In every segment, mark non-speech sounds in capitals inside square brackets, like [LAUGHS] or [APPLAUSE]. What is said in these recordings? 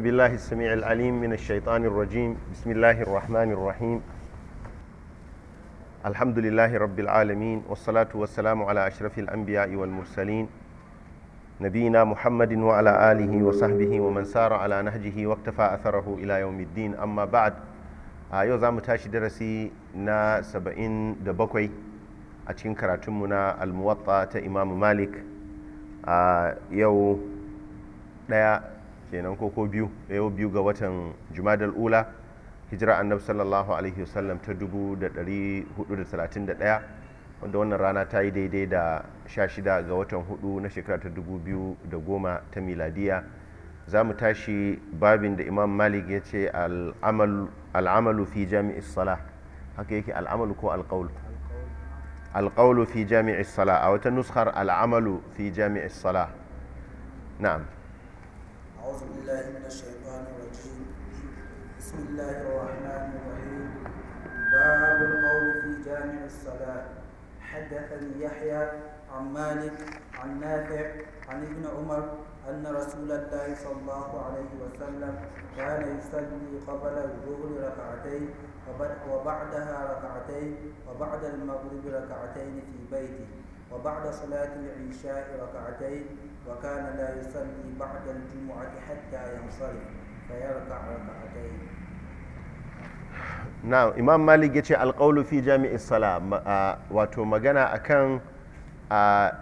أعوذ بالله السميع العليم من الشيطان الرجيم بسم الله الرحمن الرحيم الحمد لله رب العالمين والصلاة والسلام على أشرف الأنبياء والمرسلين نبينا محمد وعلى آله وصحبه ومن سار على نهجه واقتفى أثره إلى يوم الدين أما بعد yau za mu tashi darasi na 77 a cikin karatunmu na almuwatta ta imamu malik a yau daya kenan ko ko biyu yau eh, biyu ga watan jumadal ula hijira annabi sallallahu alaihi wasallam ta 1431 wanda wannan rana ta yi daidai da 16 ga watan hudu na shekara ta 2010 ta miladiya za mu tashi babin da imam malik ya ce al'amalu fi jami'is sala haka yake al'amalu ko alƙaul alƙaulu fi jami'is sala a wata nuskar al'amalu fi jami'is sala na'am أعوذ بالله من الشيطان الرجيم بسم الله الرحمن الرحيم باب القول في جامع الصلاة حدثني يحيى عن مالك عن نافع عن ابن عمر أن رسول الله صلى الله عليه وسلم كان يصلي قبل الظهر ركعتين وبعدها ركعتين وبعد المغرب ركعتين في بيته وبعد صلاة العشاء ركعتين وكان لا يصلي بعد الجمعة حتى ينصرف فيركع ركعتين na'am imam malik ya ce alƙaulu fi jami'is sala wato magana akan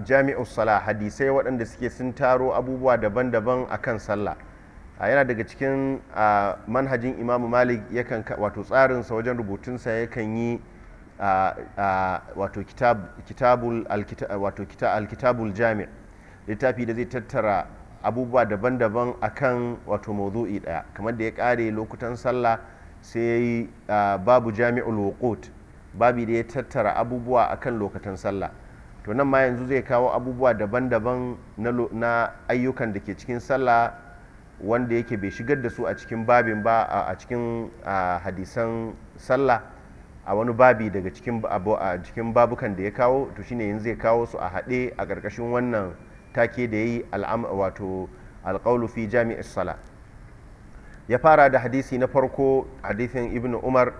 jami'us sala hadisai waɗanda suke sun taro abubuwa daban-daban akan sallah yana daga cikin manhajin imam malik yakan wato tsarinsa wajen rubutunsa yakan yi wato kitabul alkitabul littafi da zai tattara abubuwa daban-daban akan wato mawdu'i ɗaya kamar da ya ƙare lokutan sallah sai babu jami'ul wuqut babi da ya tattara abubuwa akan lokutan sallah to nan ma yanzu zai kawo abubuwa daban-daban na ayyukan da ke cikin sallah wanda yake bai shigar da su a cikin babin ba a cikin hadisan sallah a wani babi daga cikin babukan da ya kawo to shine yanzu zai kawo su a haɗe a ƙarƙashin wannan take da yayi al'am wato alqawlu fi jami'i sala ya fara da hadisi na farko hadisin ibn umar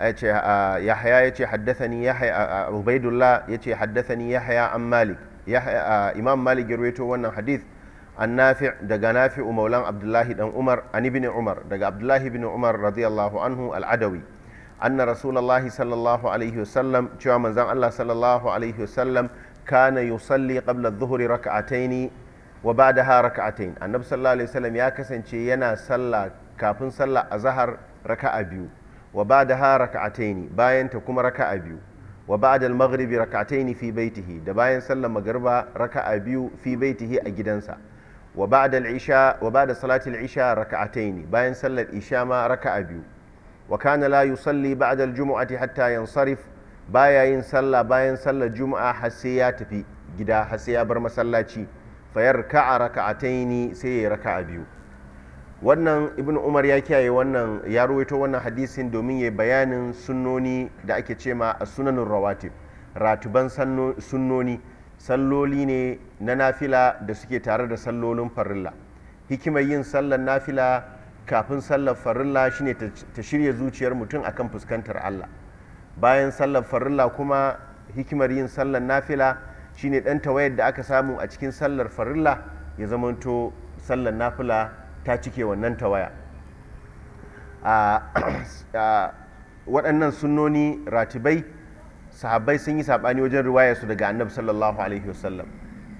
yahya ya ce haddathani yahya ubaidullah ya ce haddathani yahya an malik imam malik ya rawaito wannan hadith an nafi daga nafi maulan abdullahi dan umar an ibn umar daga abdullahi ibn umar radiyallahu anhu al'adawi anna rasulullahi sallallahu alaihi wasallam cewa manzan allah sallallahu alaihi wasallam kana yusalli qabla adh-dhuhri rak'ataini wa ba'daha rak'atain annabi sallallahu alaihi wasallam ya kasance yana sallah kafin sallah azhar raka'a biyu wa ba'daha rak'ataini bayan ta kuma raka'a biyu wa ba'da al-maghribi rak'ataini fi baitihi da bayan sallar magriba raka'a biyu fi baitihi a gidansa wa salatil isha wa ba'da salati bayan sallar isha ma raka'a biyu wa la yu salli al-jum'ati hatta yansarif baya yin sallah bayan sallar juma'a har sai ya tafi gida har sai ya bar masallaci fayar ka'a raka'ataini sai ya raka'a biyu wannan ibn umar ya kiyaye wannan ya ruwaito wannan hadisin domin ya bayanin sunnoni da ake ce ma a sunanin rawatib ratuban sunnoni salloli ne na nafila da suke tare da sallolin farilla hikimar yin sallar nafila kafin sallar farilla shine ta shirya zuciyar mutum akan fuskantar allah bayan sallar farilla kuma hikimar yin sallar nafila shine ɗan tawayar da aka samu a cikin sallar farilla ya zamanto sallar nafila ta cike wannan tawaya [CLEARS THROAT] waɗannan sunnoni ratibai sahabbai sun yi saɓani wajen riwayarsu daga annabi sallallahu alaihi wasallam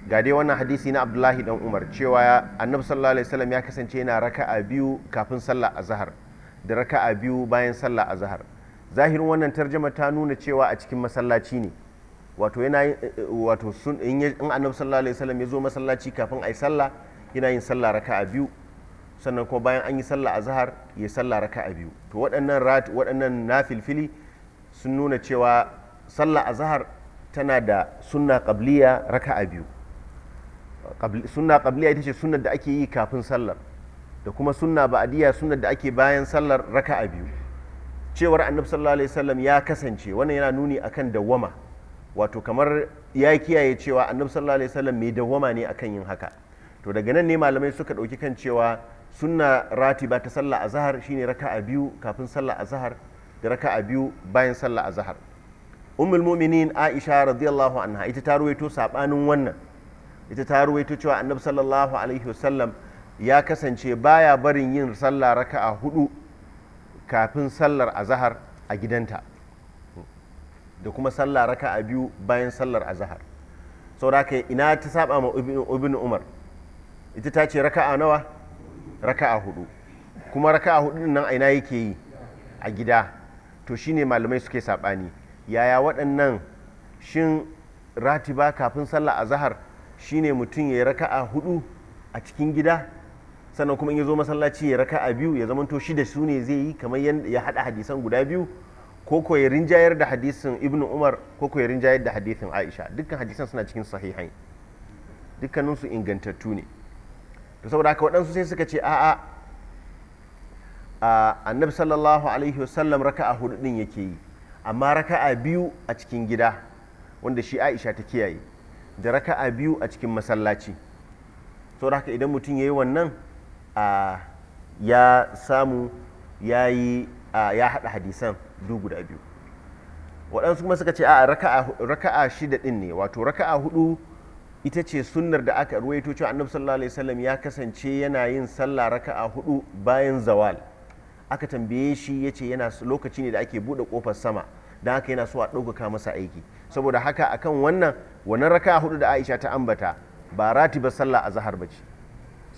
ga dai wannan hadisi na abdullahi dan umar cewa annabi sallallahu alaihi wasallam ya kasance yana raka'a biyu kafin sallah azhar da raka'a biyu bayan sallah azhar zahirin wannan tarjama ta nuna cewa a cikin masallaci ne wato yana wato sun in annabi sallallahu alaihi wasallam ya zo masallaci kafin ayi sallah yana yin sallah raka'a biyu sannan kuma bayan an yi sallah azhar ya sallah raka'a biyu to waɗannan rat waɗannan nafilfili sun nuna cewa sallah azhar tana da sunna qabliya raka'a biyu sunna qabliya ita ce sunnar da ake yi kafin sallar da kuma sunna ba'diya sunnar da ake bayan sallar raka'a biyu cewar annabi sallallahu alaihi wasallam ya kasance wannan yana nuni akan dawwama wato kamar ya kiyaye cewa annabi sallallahu alaihi wasallam mai dawwama ne akan yin haka to daga nan ne malamai suka ɗauki kan cewa sunna ratiba ta sallah azhar shine raka'a biyu kafin sallah azhar da raka'a biyu bayan sallah azhar ummul mu'minin aisha radiyallahu anha ita ta ruwaito sabanin wannan ita ta ruwaito cewa annabi sallallahu alaihi wasallam ya kasance baya barin yin sallah raka'a hudu kafin sallar azahar a gidanta da kuma sallah raka a biyu bayan sallar azahar sauraka ina ta saba ma ibn umar ita ta ce a nawa raka a hudu kuma raka a hudu nan aina ina yake yi a gida to shine malamai suke sabani yaya waɗannan shin ratiba kafin sallah azahar shine mutum ya yi raka a hudu a cikin gida sannan kuma in ya zo masallaci ya raka a biyu ya zamanto shi da su ne zai yi kamar ya haɗa hadisan guda biyu ko ko ya rinjayar da hadisin ibnu umar ko ko ya rinjayar da hadisin aisha dukkan hadisan suna cikin sahihai dukkaninsu ingantattu ne to saboda haka waɗansu sai suka ce a'a annabi sallallahu alaihi wasallam a hudu ɗin yake yi amma raka a biyu a cikin gida wanda shi aisha ta kiyaye da raka a biyu a cikin masallaci saboda haka idan mutum ya yi wannan ya samu ya yi ya haɗa hadisan dubu guda biyu waɗansu kuma suka ce a raka'a shida ɗin ne wato raka'a hudu ita ce sunnar da aka ruwaito cewa annabi sallallahu alaihi wasallam ya kasance yana yin sallah raka'a hudu bayan zawal aka tambaye shi ya ce yana lokaci ne da ake buɗe ƙofar sama don haka yana so a ɗaukaka masa aiki saboda haka akan wannan wannan raka'a hudu da aisha ta ambata ba ratiba sallah a zahar ba ce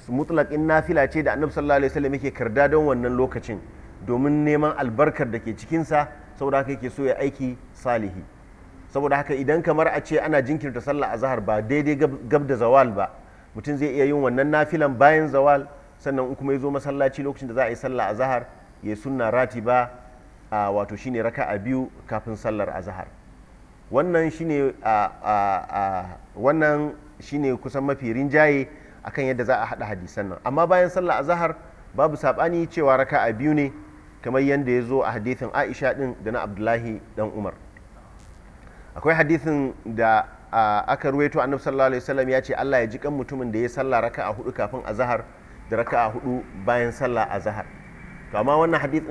in nafila ce da annabi sallallahu alaihi wasallam yake karda don wannan lokacin domin neman albarkar da ke cikinsa saboda haka yake so ya aiki salihi saboda haka idan kamar a ce ana jinkirta sallah a zahar ba daidai gab da zawal ba mutum zai iya yin wannan nafilan bayan zawal sannan in kuma ya zo masallaci lokacin da za a yi sallah a zahar ya sunna ratiba a wato shine raka'a biyu kafin sallar a zahar wannan shine wannan shine kusan mafi rinjaye akan yadda za a haɗa hadisan nan amma bayan sallah azahar babu saɓani cewa raka'a biyu ne kamar yadda ya zo a hadithin aisha ɗin da na abdullahi dan umar akwai hadithin da aka ruwaito annab sallallahu alaihi wasallam ya ce Allah ya ji kan mutumin da ya sallah raka'a hudu kafin azahar da raka'a hudu bayan sallah azahar to amma wannan hadith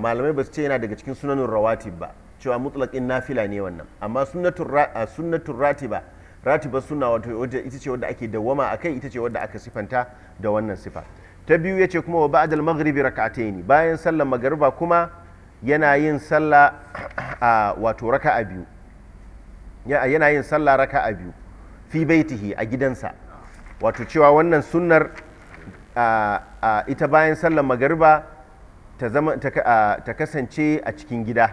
malamai basu ce yana daga cikin sunanin rawatib ba cewa mutlaqin nafila ne wannan amma sunnatul sunnatul ratiba ratibar suna wato ita ce wadda ake dawwama kai ita ce wadda aka sifanta da wannan sifa ta biyu ya ce kuma wa ba'dal maghribi rak'ataini bayan sallar magariba kuma yana yin sallah [CLEARS THROAT] a wato raka'a biyu yana yin sallah raka'a biyu fi baitihi a gidansa wato cewa wannan sunnar ita bayan sallar magariba ta kasance a cikin gida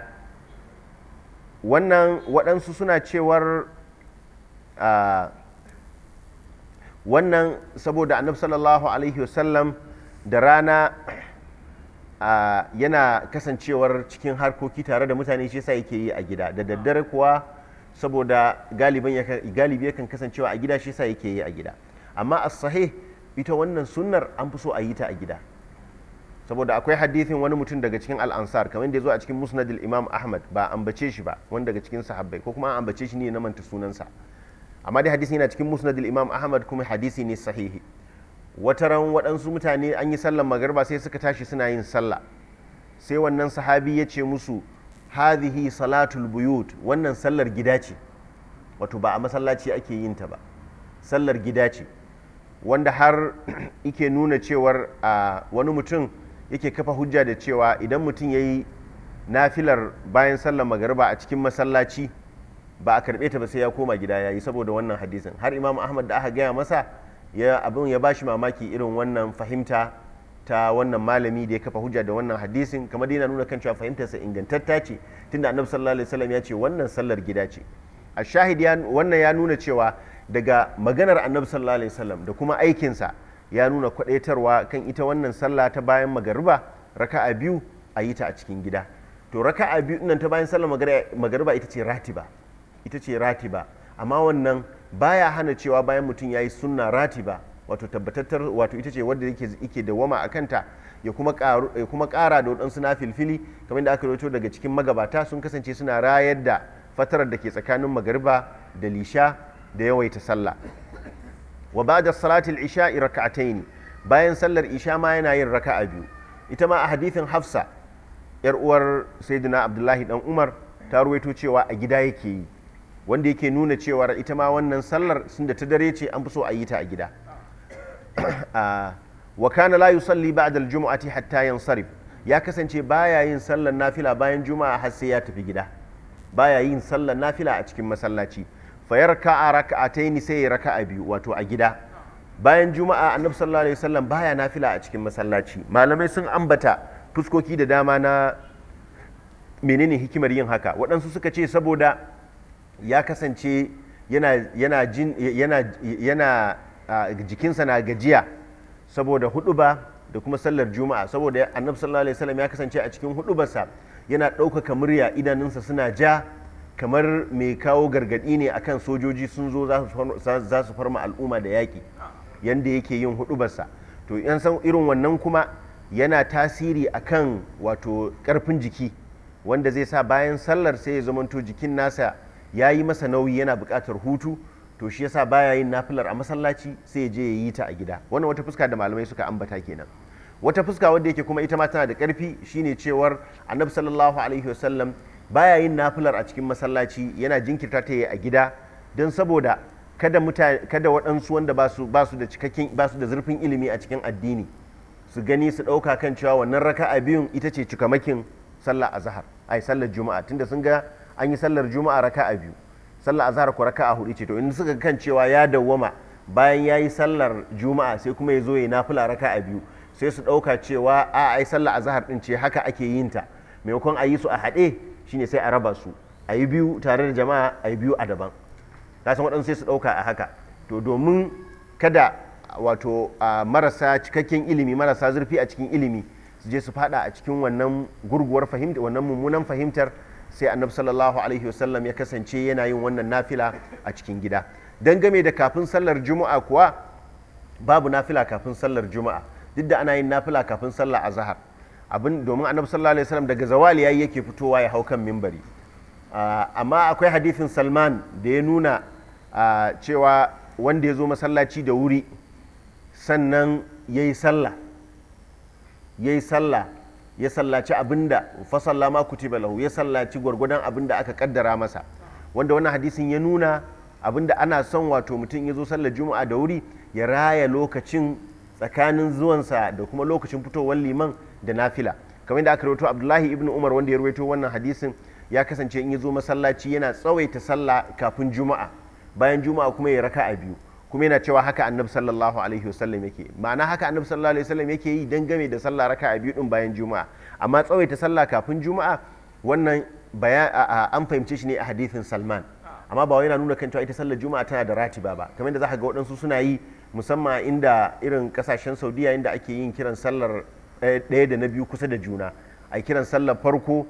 wannan waɗansu suna cewar wannan saboda annabi sallallahu alaihi wasallam da rana yana kasancewar cikin harkoki tare da mutane shi yasa yake yi a gida da daddare kuwa saboda galibi yakan kasancewa a gida shi yasa yake yi a gida amma as sahih ita wannan sunnar an fi so a yi ta a gida saboda akwai hadithin wani mutum daga cikin al'ansar kamar da ya zo a cikin musnadil imam ahmad ba ambace shi ba wanda daga cikin sahabbai ko kuma an ambace shi ne na manta sunansa amma dai hadisi yana cikin musnadil imam ahmad kuma hadisi ne sahihi wata ran waɗansu mutane an yi sallar magarba sai suka tashi suna yin sallah sai wannan sahabi ya ce musu hadhihi salatul buyut wannan sallar gida ce wato ba a masallaci ake yin ta ba sallar gida ce wanda har ike [CLEARS THROAT] nuna cewar a wani mutum yake kafa hujja da cewa idan mutum ya yi nafilar bayan sallar magarba a cikin masallaci ba a karɓe ta ba sai ya koma gida ya yi saboda wannan hadisin har imam ahmad da aka gaya masa ya abin ya bashi mamaki irin wannan fahimta ta wannan malami da ya kafa hujja da wannan hadisin kamar yana nuna kan cewa fahimtarsa ingantatta ce tunda annabi sallallahu alaihi wasallam ya ce wannan sallar gida ce a shahid wannan ya nuna cewa daga maganar annabi sallallahu alaihi wasallam da kuma aikinsa ya nuna kwadaitarwa kan ita wannan sallah ta bayan magariba raka'a biyu a yi ta a cikin gida to raka'a biyu nan ta bayan sallar magariba ita ce ratiba ita ce ratiba amma wannan baya hana cewa bayan mutum ya yi sunna ratiba wato tabbatattar wato ita ce wadda yake yake dawama a kanta ya kuma ƙara da waɗansu na filfili kamar da aka rawaito daga cikin magabata sun kasance suna rayar da fatarar da ke tsakanin magariba da lisha da yawaita sallah wa isha salatil isha'i raka'ataini bayan sallar isha ma yana yin raka'a biyu ita ma a hadithin hafsa yar uwar sayyidina abdullahi dan umar ta ruwaito cewa a gida yake yi wanda yake nuna cewa ita ma wannan sallar sun da ta dare ce an fi so a yi ta a gida [COUGHS] ah, wa kana la yusalli ba'da al-jum'ati hatta yansarif ya kasance baya yin sallar nafila bayan juma'a har sai ya tafi gida baya yin sallar nafila a cikin masallaci fa yarka raka'ataini sai ya raka'a biyu wato a gida bayan juma'a annabi sallallahu alaihi wasallam baya nafila a cikin masallaci malamai sun ambata fuskoki da dama na menene hikimar yin haka waɗansu suka ce saboda ya kasance yana jikinsa na gajiya saboda huduba da kuma sallar juma'a saboda annabi sallallahu alaihi wasallam ya kasance a cikin hudubarsa yana ɗaukaka murya idanunsa suna ja kamar mai kawo gargadi ne akan sojoji sun zo za su farma al'umma da yaki yanda yake yin hudubarsa to yan san irin wannan kuma yana tasiri akan wato ƙarfin jiki wanda zai sa bayan sallar sai ya zamanto jikin nasa ya yi masa nauyi yana buƙatar hutu to shi yasa baya yin nafilar a masallaci sai ya je ya yi ta a gida wannan wata fuska da malamai suka ambata kenan wata fuska wanda yake kuma ita ma tana da ƙarfi shine cewar annabi sallallahu alaihi wasallam baya yin nafilar a cikin masallaci yana jinkirta ta yi a gida don saboda kada mutane kada waɗansu wanda ba su da cikakken ba da zurfin ilimi a cikin addini su gani su ɗauka kan cewa wannan raka'a biyun ita ce cikamakin sallah azhar ai sallar juma'a tunda sun ga an yi sallar juma'a raka a biyu sallar azahar ku a hudu ce to in suka kan cewa ya dawwama bayan ya yi sallar juma'a sai kuma ya zo ya nafila a biyu sai su ɗauka cewa a yi sallar azahar din ce haka ake yin ta maimakon a yi su a haɗe shine sai a raba su a yi biyu tare da jama'a a yi biyu a daban kasan waɗansu sai su ɗauka a haka to domin kada wato marasa cikakken ilimi marasa zurfi a cikin ilimi su je su fada a cikin wannan gurguwar fahimta wannan mummunan fahimtar sai annabi sallallahu alaihi wasallam ya kasance yana yin wannan nafila a cikin gida dan game da kafin sallar juma'a kuwa babu nafila kafin sallar juma'a duk da ana yin nafila kafin sallar azhar abin domin annabi sallallahu alaihi wasallam daga zawali yayi yake fitowa ya hau kan mimbari ah, amma akwai hadithin salman da ya nuna ah, cewa wanda ya zo masallaci da wuri sannan ya sallah ya sallah ya sallaci abinda fa ma kutiba lahu ya sallaci gwargwadon abinda aka kaddara masa wanda wannan hadisin ya nuna abinda ana son wato mutum ya zo sallar juma'a da wuri ya raya lokacin tsakanin zuwansa da kuma lokacin fitowar liman da nafila kamar da aka rawaito abdullahi ibn umar wanda ya rawaito wannan hadisin ya kasance in ya zo masallaci yana tsawaita sallah kafin juma'a bayan juma'a kuma ya raka a biyu kuma yana cewa haka annabi sallallahu alaihi wasallam yake ma'ana haka annabi sallallahu alaihi wasallam yake yi dangane da sallah a biyu din bayan juma'a amma tsawaita sallah kafin juma'a wannan an fahimce shi ne a hadithin salman amma ba wai yana nuna kan cewa ita sallar juma'a tana da ratiba ba kamar da zaka ga waɗansu suna yi musamman inda irin kasashen saudiya inda ake yin kiran sallar eh, ɗaya da na biyu kusa da juna a kiran sallar farko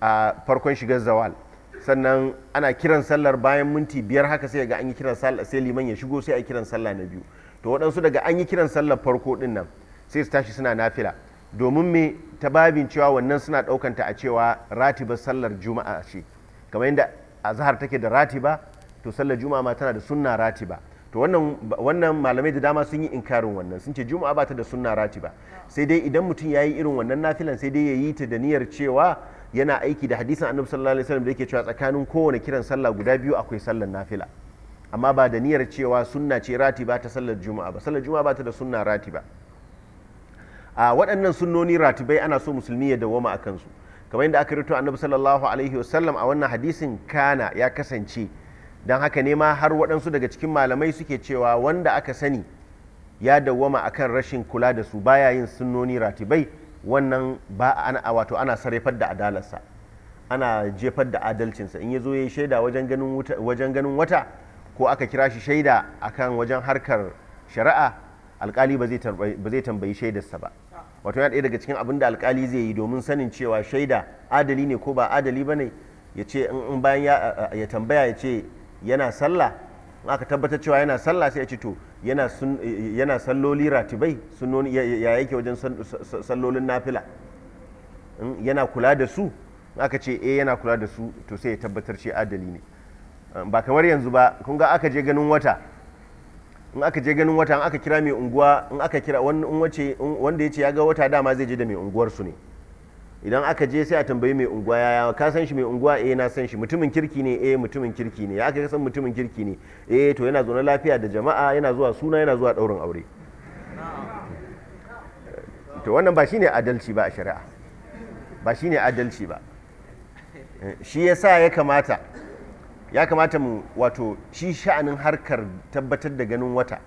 a farkon shigar zawal sannan ana kiran sallar bayan minti biyar haka sai ga an yi kiran sallar sai liman ya shigo sai a kiran sallah na biyu to waɗansu daga an yi kiran sallar farko ɗin nan sai su tashi suna nafila domin me ta babin cewa wannan suna ɗaukanta a cewa ratiba sallar juma'a ce kamar yadda azhar take da ratiba to sallar juma'a ma tana da sunna ratiba to wannan wannan malamai da dama sun yi inkarin wannan sun ce juma'a ba ta da sunna ratiba sai dai idan mutum ya yi irin wannan nafilan sai dai ya yi ta da niyyar cewa yana aiki da hadisin annabi sallallahu alaihi wasallam da yake cewa tsakanin kowane kiran sallah guda biyu akwai sallar nafila amma ba da niyyar cewa sunna ce ratiba ta sallar juma'a ba sallar juma'a ba ta da sunna ratiba a waɗannan sunnoni ratibai ana so musulmi ya dawwama a kansu kamar yadda aka rito annabi sallallahu alaihi wasallam a wannan hadisin kana ya kasance don haka ne ma har waɗansu daga cikin malamai suke cewa wanda aka sani ya dawwama akan rashin kula da su baya yin sunnoni ratibai wannan ba ana wato ana sarrafar da adalarsa ana jefar da adalcinsa in ya zo ya yi shaida wajen ganin wata ko aka kira shi shaida a kan wajen harkar shari'a alkali ba zai tambayi shaidarsa ba wato yana ɗaya daga cikin abin da alkali zai yi domin sanin cewa shaida adali ne ko ba adali ba ne ya ce in bayan ya tambaya ya ce yana sallah aka tabbatar cewa yana sallah sai ya ce to yana salloli ratibai sunnoni ya yake wajen sallolin nafila yana kula da su aka ce eh yana kula da su to sai ya tabbatar shi adali ne ba kamar yanzu ba kun ga aka je ganin wata in aka je ganin wata in aka kira mai unguwa in aka kira wanda ya ce ya ga wata dama zai je da mai unguwarsu ne idan aka je sai a tambayi mai unguwa yaya ka san shi mai unguwa eh na san shi mutumin kirki ne eh mutumin kirki ne ya aka san mutumin kirki ne eh to yana zo na lafiya da jama'a yana zuwa suna yana zuwa daurin aure to wannan ba shine adalci ba a shari'a ba shine adalci ba shi yasa ya kamata ya kamata mu wato shi sha'anin harkar tabbatar da ganin wata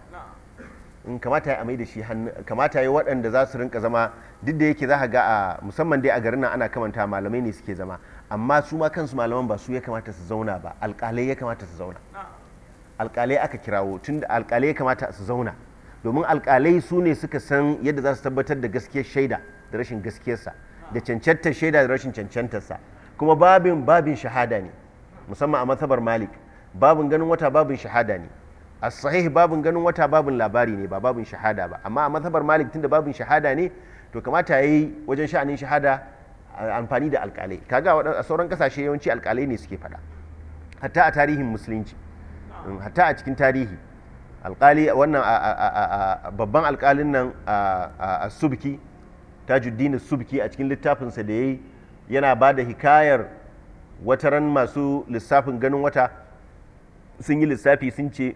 in kamata ya amai da shi hannu kamata ya waɗanda za su rinka zama duk da yake za ka ga a musamman dai a garin nan ana kamanta malamai ne suke zama amma su ma kansu malaman ba su ya kamata su zauna ba alƙalai ya kamata su zauna alƙalai aka kirawo tun da alƙalai ya kamata su zauna domin alƙalai su ne suka san yadda za su tabbatar da gaskiyar shaida da rashin gaskiyarsa da cancantar shaida da rashin cancantarsa kuma babin babin shahada ne musamman a matsabar malik babin ganin wata babin shahada ne a sahih babin ganin wata babin labari ne ba babin shahada ba amma a mazhabar malik tunda babin shahada ne to kamata yayi wajen sha'anin shahada amfani da alkalai kaga a sauran kasashe yawanci alkalai ne suke faɗa hatta a tarihin musulunci mm, hatta a cikin tarihi alkali wannan babban alkalin nan a subki tajuddin subki a cikin littafinsa da ya yi yana ba da hikayar wataran masu lissafin ganin wata sun yi lissafi sun ce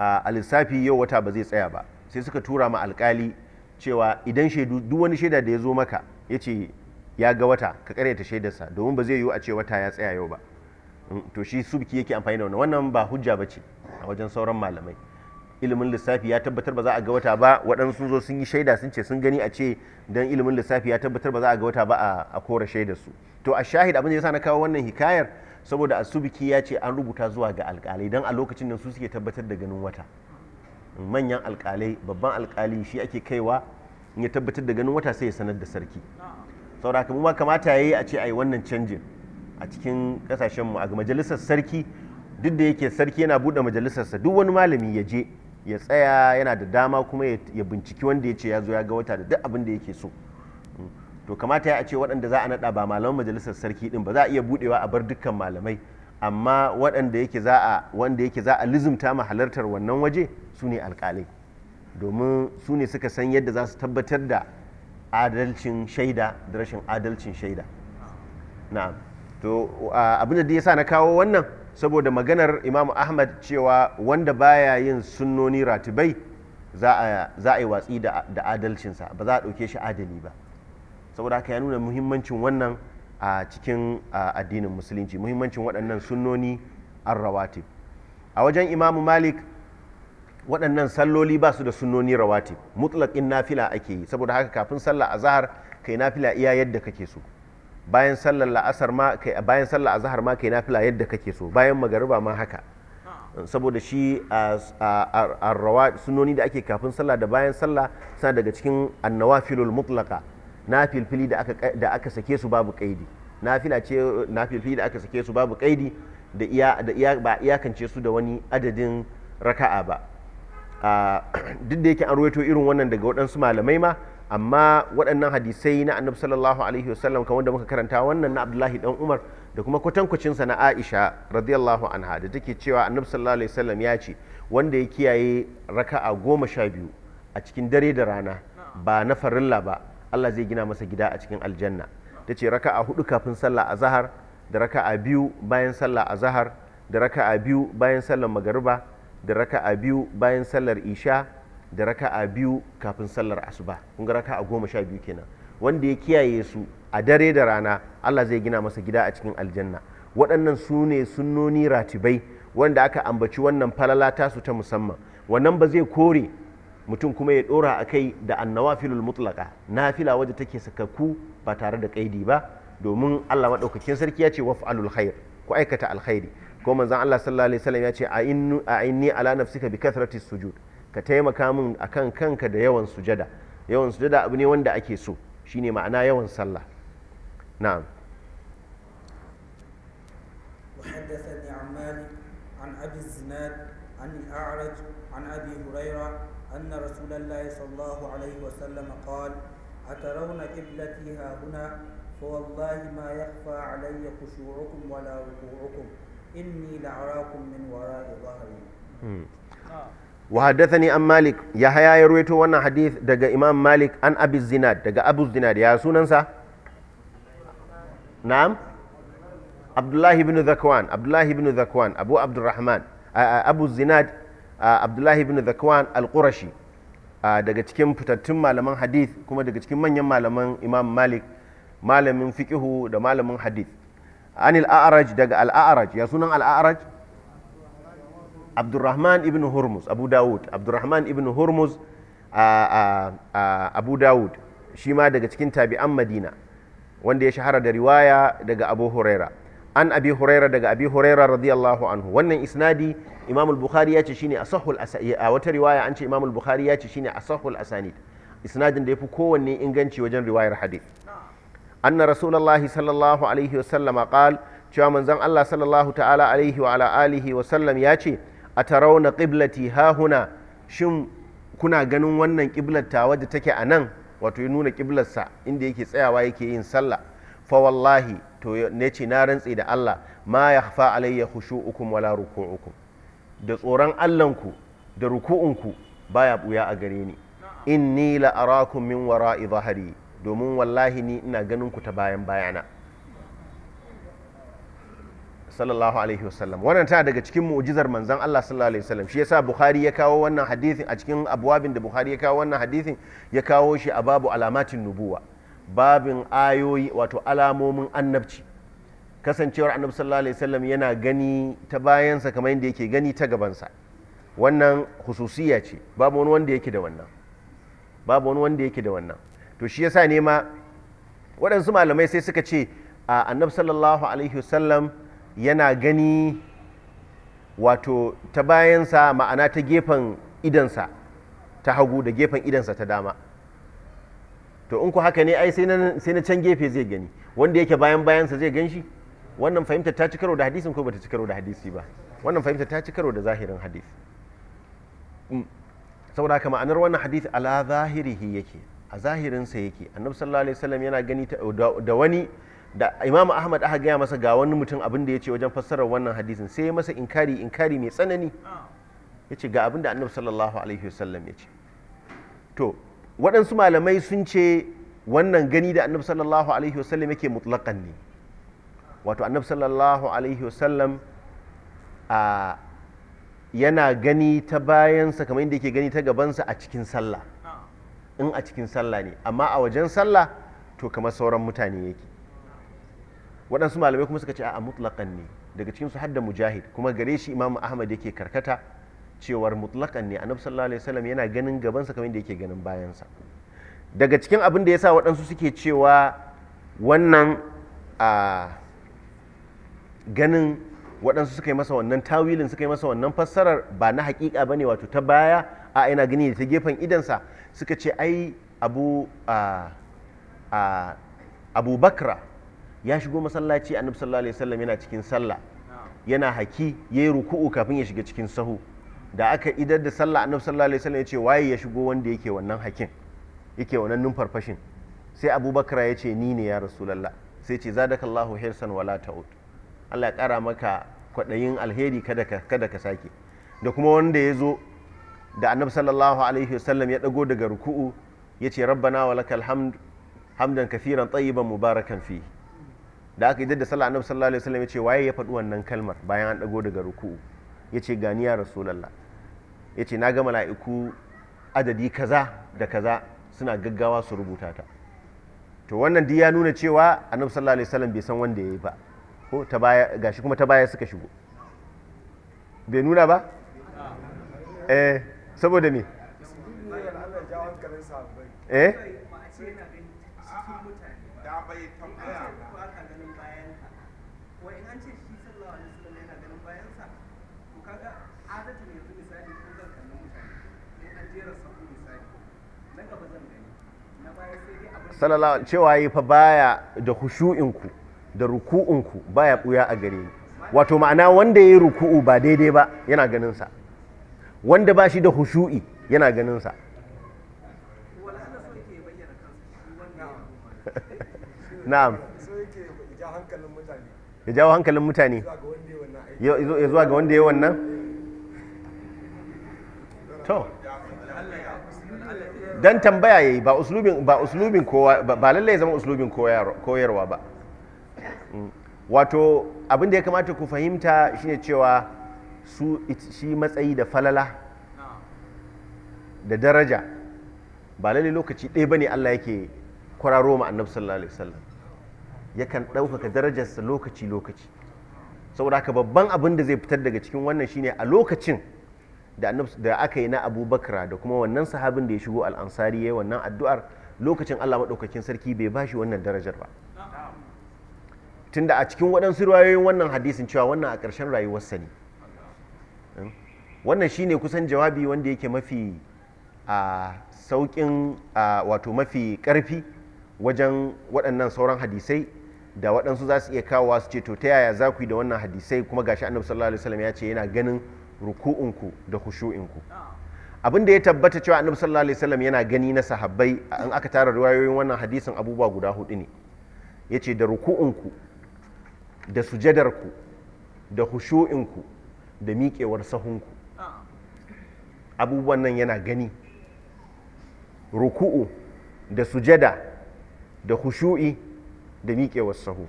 a lissafi yau wata ba zai tsaya ba sai suka tura ma alkali cewa idan shaidu duk wani shaida da ya zo maka ya ce ya ga wata ka karyata shaidarsa domin ba zai yiwu a ce wata ya tsaya yau ba mm, to shi subki yake amfani da wannan ba hujja ba ce a wajen sauran malamai ilimin lissafi ya tabbatar ba za a ga wata ba waɗansu zo sun yi shaida sun ce sun gani a ce don ilimin lissafi ya tabbatar ba za a ga wata ba a kora shaidarsu to a shahid abin da ya sa na kawo wannan hikayar saboda asubiki ya ce an rubuta zuwa ga alkalai don a lokacin nan su suke tabbatar da ganin wata manyan alkalai babban alkali shi ake kaiwa ya tabbatar da ganin wata sai ya sanar da sarki sauraka mu ma kamata yi a ce a yi wannan canjin a cikin kasashenmu mu a majalisar sarki duk da yake sarki yana bude majalisarsa duk wani malami ya je ya tsaya yana da dama kuma ya binciki wanda ya ce ya zo ya ga wata da duk abin da yake so to kamata ya ce waɗanda za a naɗa ba malaman majalisar sarki ɗin ba za a iya buɗewa a bar dukkan malamai amma waɗanda yake za a wanda yake za a lizumta ma halartar wannan waje su ne alƙalai domin su ne suka san yadda za su tabbatar da adalcin shaida da rashin adalcin shaida na'am to abin da ya sa na kawo wannan saboda maganar imam ahmad cewa wanda baya yin sunnoni ratibai za a yi watsi da adalcinsa ba za a ɗauke shi adali ba saboda haka ya nuna muhimmancin wannan a cikin addinin musulunci muhimmancin waɗannan sunnoni an rawatib a wajen imamu malik waɗannan salloli ba su da sunnoni rawatib mutlaƙin nafila ake yi saboda haka kafin sallah azhar kai nafila iya yadda kake so bayan sallar la'asar ma kai bayan sallar azhar ma kai nafila yadda kake so bayan magariba ma haka saboda shi a sunoni da ake kafin sallah da bayan sallah suna daga cikin annawafilul mutlaqa na filfili da aka sake su babu kaidi nafila ce na filfili da aka sake su babu kaidi da iya ba iyakance su da wani adadin raka'a ba [CLEARS THROAT] duk da yake an ruwaito irin wannan daga waɗansu malamai ma amma waɗannan hadisai na annabi sallallahu alaihi wasallam kamar da muka karanta wannan na abdullahi dan umar da kuma kwatankwacin sa na aisha radiyallahu anha da take cewa annabi sallallahu alaihi wasallam ya ce wanda ya kiyaye raka'a goma sha biyu a cikin dare da rana ba na farilla ba Allah zai gina masa gida a cikin aljanna ta ce raka'a hudu kafin sallah a zahar da raka'a biyu bayan sallah a zahar da raka'a biyu bayan sallar magariba da raka'a biyu bayan sallar isha da raka'a biyu kafin sallar asuba kun ga raka'a goma sha biyu kenan wanda ya kiyaye su a dare da rana Allah zai gina masa gida a cikin aljanna waɗannan su ne sunnoni ratibai wanda aka ambaci wannan falala tasu ta musamman wannan ba zai kore mutum kuma ya dora a kai da annawafilul mutlaka nafila wadda take sakakku ba tare da kaidi ba domin Allah maɗaukakin sarki ya ce waf'alul khair ku aikata alkhairi ko manzon Allah sallallahu alaihi wasallam ya ce a inni ala nafsika bi kathrati sujud ka taimaka min akan kanka da yawan sujada yawan sujada abu ne wanda ake so shine ma'ana yawan sallah na'am عن مالك الزناد عن الاعرج عن ابي هريره أن رسول الله صلى الله عليه وسلم قال أترون قبلتي ها هنا فوالله ما يخفى علي خشوعكم ولا ركوعكم إني لعراكم من وراء ظهري وحدثني أم مالك يا يحيى يرويتو وانا حديث دقى إمام مالك عن أبي الزناد دقى أبو الزناد يا سننسى نعم عبد الله بن ذكوان عبد الله بن ذكوان أبو عبد الرحمن أبو الزناد abdullahi ibn zakwan al-qurashi daga cikin fitattun malaman hadith kuma daga cikin manyan malaman imam malik malamin fiqihu da malamin hadith anil a'raj daga al-a'raj ya sunan al-a'raj abdurrahman ibn hurmuz abu dawud abdurrahman ibn hurmuz abu dawud shi ma daga cikin tabi'an madina wanda ya shahara da riwaya daga abu huraira an abi huraira daga abi huraira radiyallahu anhu wannan isnadi imam al-bukhari ya ce shine asahul a wata riwaya an ce imam al-bukhari ya ce shine asahul asanid isnadin da yafi kowanne inganci wajen riwayar hadith anna rasulullahi sallallahu alaihi wa sallam qal cewa manzon Allah sallallahu ta'ala alaihi wa ala alihi wa sallam ya ce atarawna qiblati ha huna shin kuna ganin wannan qiblat ta wadda take a nan wato ya nuna qiblarsa inda yake tsayawa yake yin sallah fa wallahi to ne ce na rantse da Allah ma ya fa alayya ukum wala ruku ukum da tsoron Allahnku da ruku'unku baya buya a gare ni inni la arakum min wara'i zahari domin wallahi ni ina ganin ku ta bayan bayana sallallahu alaihi wasallam wannan ta daga cikin mu'jizar manzon Allah sallallahu alaihi wasallam shi yasa Bukhari ya kawo wannan hadisin a cikin abwabin da Bukhari ya kawo wannan hadisin ya kawo shi a babu alamatin nubuwa babin ayoyi wato alamomin annabci kasancewar annabi sallallahu alaihi wasallam yana gani ta bayansa kamar yadda yake gani ta gabansa wannan hususiya ce babu wani wanda yake da wannan babu wani wanda yake da wannan to shi yasa ne ma waɗansu malamai sai suka ce a annabi sallallahu alaihi wasallam yana gani wato ta bayansa ma'ana ta gefen idansa ta hagu da gefen idansa ta dama to in ku haka ne ai sai na can gefe zai gani wanda yake bayan bayansa zai gan shi wannan fahimtar ta ci karo da hadisin ko bata ci karo da hadisi ba wannan fahimtar ta ci karo da zahirin hadisi mm. saboda haka ma'anar wannan hadisi ala zahirihi yake a zahirinsa yake annabi sallallahu alaihi wasallam yana gani da wani da imam ahmad aka gaya masa ga wani mutum abin da ya ce wajen fassarar wannan hadisin sai ya masa inkari inkari mai tsanani ah. ya ce ga abin da annabi sallallahu alaihi wasallam ya ce to waɗansu malamai sun ce wannan gani da annabi sallallahu alaihi wasallam yake mutlaƙan ne wato annabi sallallahu alaihi wasallam a yana gani ta bayansa kamar yadda yake gani ta gabansa a cikin sallah in a cikin sallah ne amma a wajen sallah to kamar sauran mutane yake waɗansu malamai kuma suka ce a mutlaƙan ne daga cikinsu har da mujahid kuma gare shi imamu ahmad yake karkata cewar mutlakan ne annabi sallallahu alaihi wasallam yana ganin gabansa kamar yadda yake ganin bayansa daga cikin abin da ya sa waɗansu suke cewa wannan a ganin waɗansu suka yi masa wannan tawilin suka yi masa wannan fassarar ba na hakika ne wato ta baya a yana gani da ta gefen idansa suka ce ai abu bakra ya shigo masallaci annabi sallallahu alaihi wasallam yana cikin sallah yana haki yi ruku'u kafin ya shiga cikin sahu da aka idar da sallah annabi sallallahu alaihi wasallam ya ce waye ya shigo wanda yake wannan hakin yake wannan numfarfashin sai abubakar ya ce ni ne ya rasulallah sai ce zadakallahu hirsan wala ta'ud Allah ya kara maka kwaɗayin alheri kada ka kada ka sake da kuma wanda ya zo da annabi sallallahu alaihi wasallam ya dago daga ruku'u ya ce rabbana wa lakal hamd hamdan kafiran tayyiban mubarakan fi da aka idar da sallah annabi sallallahu alaihi wasallam ya ce waye ya faɗi wannan kalmar bayan an dago daga ruku'u ya ce gani ya rasulallah ya ce na ga mala'iku adadi kaza da kaza suna gaggawa su rubuta ta to wannan duk ya nuna cewa annabi sallallahu alaihi wasallam bai san wanda ya yi ba ko ta baya gashi kuma ta baya suka shigo bai nuna ba eh saboda me eh sallallahu cewa yi fa baya da khushu'inku da ruku'unku baya buya a gare ni wato ma'ana wanda ya yi ruku'u ba daidai ba yana ganin sa wanda ba shi da hushu'i yana ganin sa [LAUGHS] na'am ya jawo hankalin mutane ya zuwa ga wanda ya wannan to dan tambaya yayi ba uslubin ba uslubin kowa ba lalle zama uslubin koyarwa ba mm. wato abin da ya kamata ku fahimta shine cewa su shi matsayi da falala da daraja ba lalle lokaci ɗaya bane Allah yake kwararo ma annabi sallallahu alaihi wasallam yakan ɗaukaka darajarsa lokaci lokaci saboda haka babban abin da zai fitar daga cikin wannan shine a lokacin da aka yi na abubakar da kuma wannan sahabin da ya shigo al'ansari ya yi wannan addu'ar lokacin allah maɗaukakin sarki bai ba wannan darajar ba tunda a cikin waɗansu ruwayoyin wannan hadisin cewa wannan a ƙarshen rayuwarsa ne hmm? wannan shine kusan jawabi wanda yake mafi a sauƙin wato mafi ƙarfi wajen waɗannan sauran hadisai da waɗansu za su iya kawowa su ce to ta yaya za ku yi da wannan hadisai kuma gashi annabi sallallahu alaihi wasallam ya ce yana ganin ruku'unku da hushu'inku ah. abin da ya tabbata cewa annabi sallallahu alaihi wasallam yana gani na sahabbai an aka tara riwayoyin wannan hadisin abubuwa guda hudu ne yace da ruku'unku da sujadarku da hushu'inku da miƙewar sahunku ah. abubuwan nan yana gani ruku'u da sujada da hushu'i da miƙewar sahu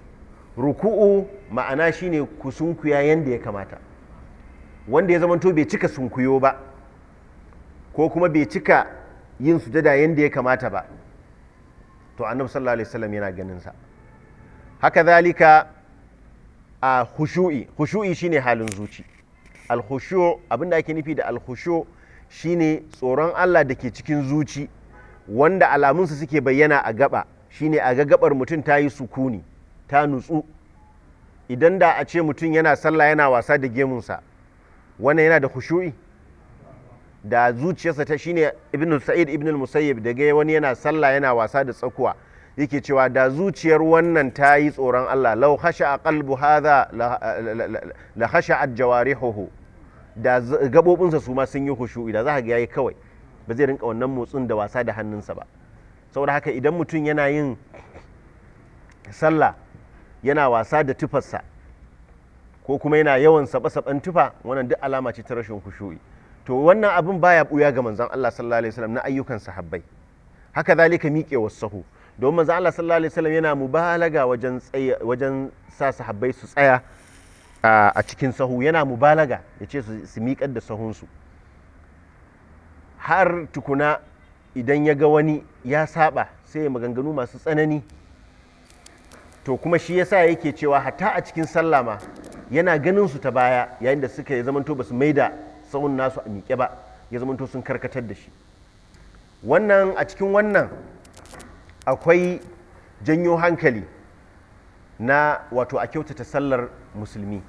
ruku'u ma'ana shine kusunkuya yanda ya kamata wanda ya zamanto bai cika sunkuyo ba ko kuma bai cika yin sujada yadda ya kamata ba to annabi sallallahu alaihi wasallam yana ganin sa haka zalika a hushu'i hushu'i shine halin zuci alhushu abinda ake nufi da alhushu shine tsoron Allah da ke cikin zuci wanda alamunsa suke bayyana a gaba shine a ga gabar mutum ta yi sukuni ta nutsu idan da a ce mutum yana sallah yana wasa da gemunsa wannan yana da khushu'i da zuciyarsa ta shine ibnu sa'id ibnu musayyib da ga wani yana sallah yana wasa da tsakuwa yake cewa da zuciyar wannan ta yi tsoron Allah lau khasha qalbu hadha la khasha al jawarihu da gabobinsa su ma sun yi khushu'i da za ga yayi kawai ba zai rinka wannan motsin da wasa da hannunsa ba saboda haka idan mutum yana yin sallah yana wasa da tufarsa ko kuma yana yawan saba-saban tufa wannan duk alama ce ta rashin kushoyi to wannan abin baya buya ga manzon Allah sallallahu alaihi wasallam na ayyukan sahabbai haka zalika miƙe sahu don manzon Allah sallallahu alaihi wasallam yana mubalaga wajen wajen sa sahabbai su tsaya a cikin sahu yana mubalaga ya ce su miƙar da sahunsu har tukuna idan ya ga wani ya saba sai ya maganganu masu tsanani to kuma shi yasa yake cewa hatta a cikin sallama yana ganin su ta baya yayin da suka ya zamanto ba su da tsawon nasu a miƙe ba ya zamanto sun karkatar da shi wannan a cikin wannan akwai janyo hankali na wato a kyautata sallar musulmi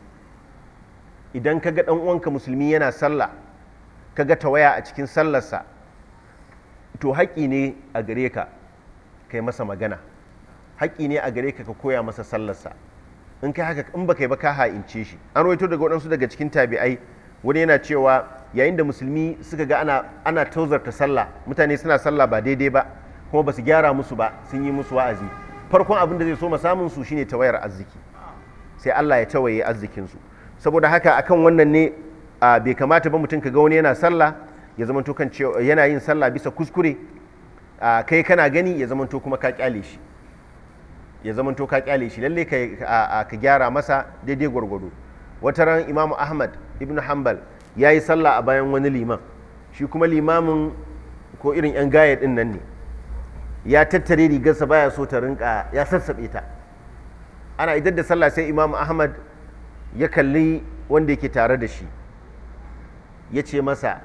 idan ka ga uwanka musulmi yana sallah ka ga tawaya a cikin sallarsa to haƙƙi ne a gare ka kai masa magana haƙƙi ne a gare ka ka koya masa sallarsa in kai haka in baka yi ba ka ha'ince shi an rawaito daga waɗansu daga cikin tabi'ai wani yana cewa yayin da musulmi suka ga ana ana tauzarta sallah mutane suna sallah ba daidai ba kuma ba su gyara musu ba sun yi musu wa'azi farkon abin da zai so samun su shine tawayar arziki sai Allah ya tawaye arzikin su saboda haka akan wannan ne bai kamata ba mutum ka ga wani yana sallah ya zama to kan yana yin sallah bisa kuskure kai kana gani ya zama to kuma ka kyale shi ya zama to ka kyale shi lalle ka ka gyara masa daidai gwargwado wata ran imam ahmad ibn hanbal ya yi sallah a bayan wani liman shi kuma limamin ko irin yan gaya din nan ne ya tattare rigarsa baya so ta rinka ya sassabe ta ana idan da sallah sai imam ahmad ya kalli wanda yake tare da shi ya ce masa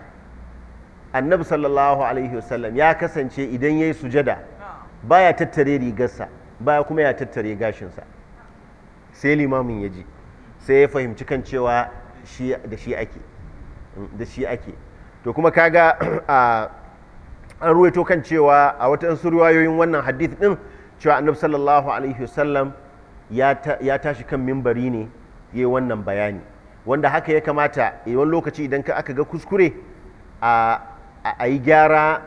annabi sallallahu alaihi wasallam ya kasance idan ya yi sujada baya tattare rigarsa baya kuma ya tattare gashinsa sai limamin ya ji sai ya fahimci kan cewa da shi ake to kuma kaga [CLEARS THROAT] an ruwaito kan cewa a waɗansu riwayoyin wannan hadith din cewa annabi sallallahu alaihi wasallam ya tashi kan mimbari ne ya yi wannan bayani wanda haka ya kamata eh, wani lokaci idan ka aka ga kuskure a yi gyara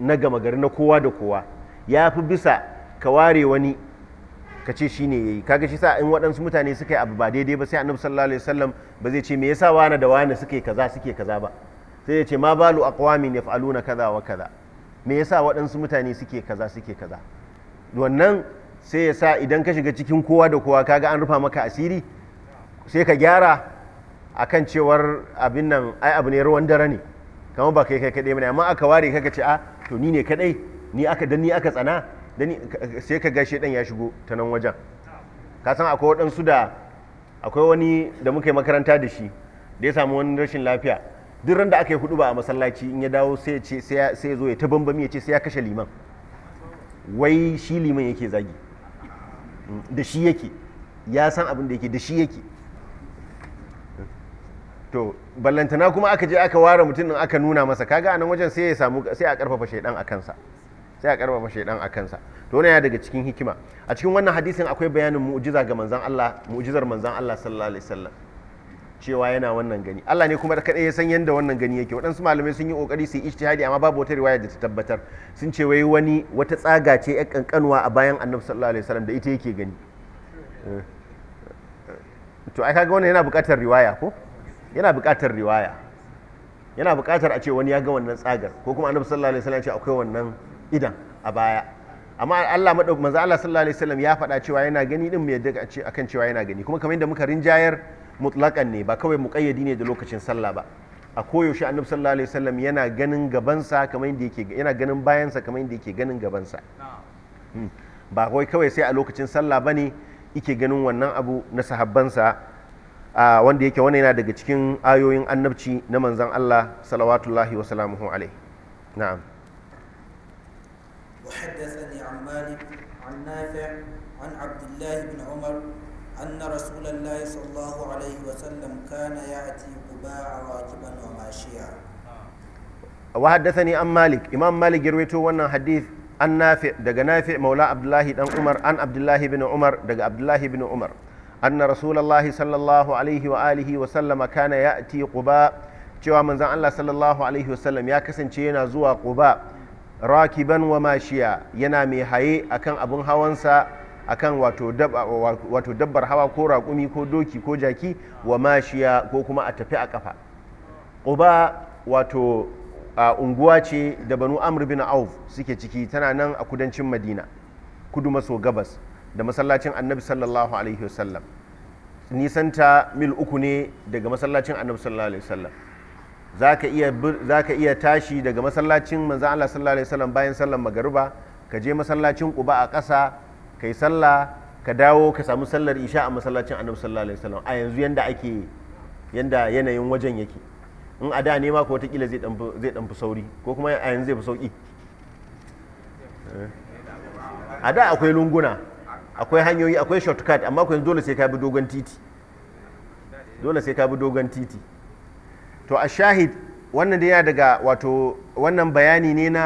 na gama gari na kowa da kowa ya fi bisa ka ware wani ka ce shi ne ya yi kaga shi sa in waɗansu mutane suka yi abu ba daidai ba sai annabi sallallahu alaihi wasallam ba zai ce me yasa wani da wani suke kaza suke kaza ba sai ya ce ma balu aqwamin yaf'aluna kaza wa kaza me yasa waɗansu mutane suke kaza suke kaza wannan sai ya sa idan ka shiga cikin kowa da kowa kaga an rufa maka asiri sai ka gyara akan cewar abin nan ai abu ne ruwan dare ne kamar ba kai kai kaɗai ba amma aka ware kaka ce a ah, to ni ne kaɗai ni aka dan ni aka tsana sai ka gashi dan ya shigo ta nan wajen ka san akwai waɗansu da akwai wani da muka yi makaranta da shi da ya samu wani rashin lafiya duk ran da aka yi hudu ba a masallaci in ya dawo sai ya ce sai ya zo ya ta bambami ya ce sai ya kashe liman wai shi liman yake zagi da shi yake ya san abin da yake da shi yake to ballantana kuma aka je aka ware mutum aka nuna masa kaga a nan wajen sai ya samu sai a karfafa shaidan a kansa sai a karfafa shaidan a kansa to wannan ya daga cikin hikima a cikin wannan hadisin akwai bayanin mu'jiza ga manzon Allah mu'jizar manzon Allah sallallahu alaihi wasallam cewa yana wannan gani Allah ne kuma da kadai ya san yadda wannan gani yake waɗansu malamai sun yi kokari su yi ijtihadi amma babu wata riwaya da ta tabbatar sun ce wai wani wata tsaga ce ya kankanwa a bayan annabi sallallahu alaihi wasallam da ita yake gani to ai kaga wannan yana buƙatar riwaya ko yana buƙatar riwaya yana buƙatar a ce wani ya ga wannan tsagar ko kuma annabi sallallahu alaihi wasallam ya ce akwai wannan idan a baya amma Allah madaukakin manzo Allah sallallahu alaihi wasallam ya faɗa cewa yana gani din mu yadda akan cewa yana gani kuma kamar yadda muka rinjayar mutlaqan ne ba kawai muqayyadi ne da lokacin sallah ba a koyaushe annabi sallallahu alaihi wasallam yana ganin gabansa kamar yadda yake yana ganin bayansa kamar yadda yake ganin gabansa hmm. ba kawai kawai sai a lokacin sallah bane yake ganin wannan abu na sahabbansa wanda yake wannan yana daga cikin ayoyin annabci na manzon Allah sallallahu alaihi wasallam na'am وحدثني عن مالك عن نافع عن عبد الله بن عمر أن رسول الله صلى الله عليه وسلم كان يأتي قباء راكبا وماشيا وحدثني عن مالك إمام مالك يرويته وانا حديث عن نافع دقى نافع مولى عبد الله بن عمر عن عبد الله بن عمر دقى عبد الله بن عمر أن رسول الله صلى الله عليه وآله وسلم كان يأتي قباء cewa manzan Allah sallallahu Alaihi wasallam ya kasance yana zuwa Quba rakiban wa mashiya yana mai haye akan abin hawansa akan wato dabbar hawa ko raƙumi ko doki ko jaki wa mashiya ko kuma a tafi a kafa uba wato unguwa ce da banu amr bin auf suke ciki tana nan a kudancin madina kudu maso gabas da masallacin annabi sallallahu alaihi wasallam nisanta mil uku ne daga masallacin annabi sallallahu alaihi wasallam za ka iya tashi daga masallacin manzan Allah sallallahu alaihi wasallam bayan sallan magariba ka je masallacin ƙuba a ƙasa ka yi sallah ka dawo ka samu sallar isha a masallacin annabi sallallahu alaihi wasallam a yanzu yanda ake yanda yanayin wajen yake in a da ne ma ko watakila zai ɗan fi sauri ko kuma a yanzu zai fi sauƙi eh. a da akwai lunguna akwai hanyoyi akwai shortcut amma yanzu dole sai ka bi dogon titi dole sai ka bi dogon titi to a shahid wannan dai daga wato wannan bayani ne na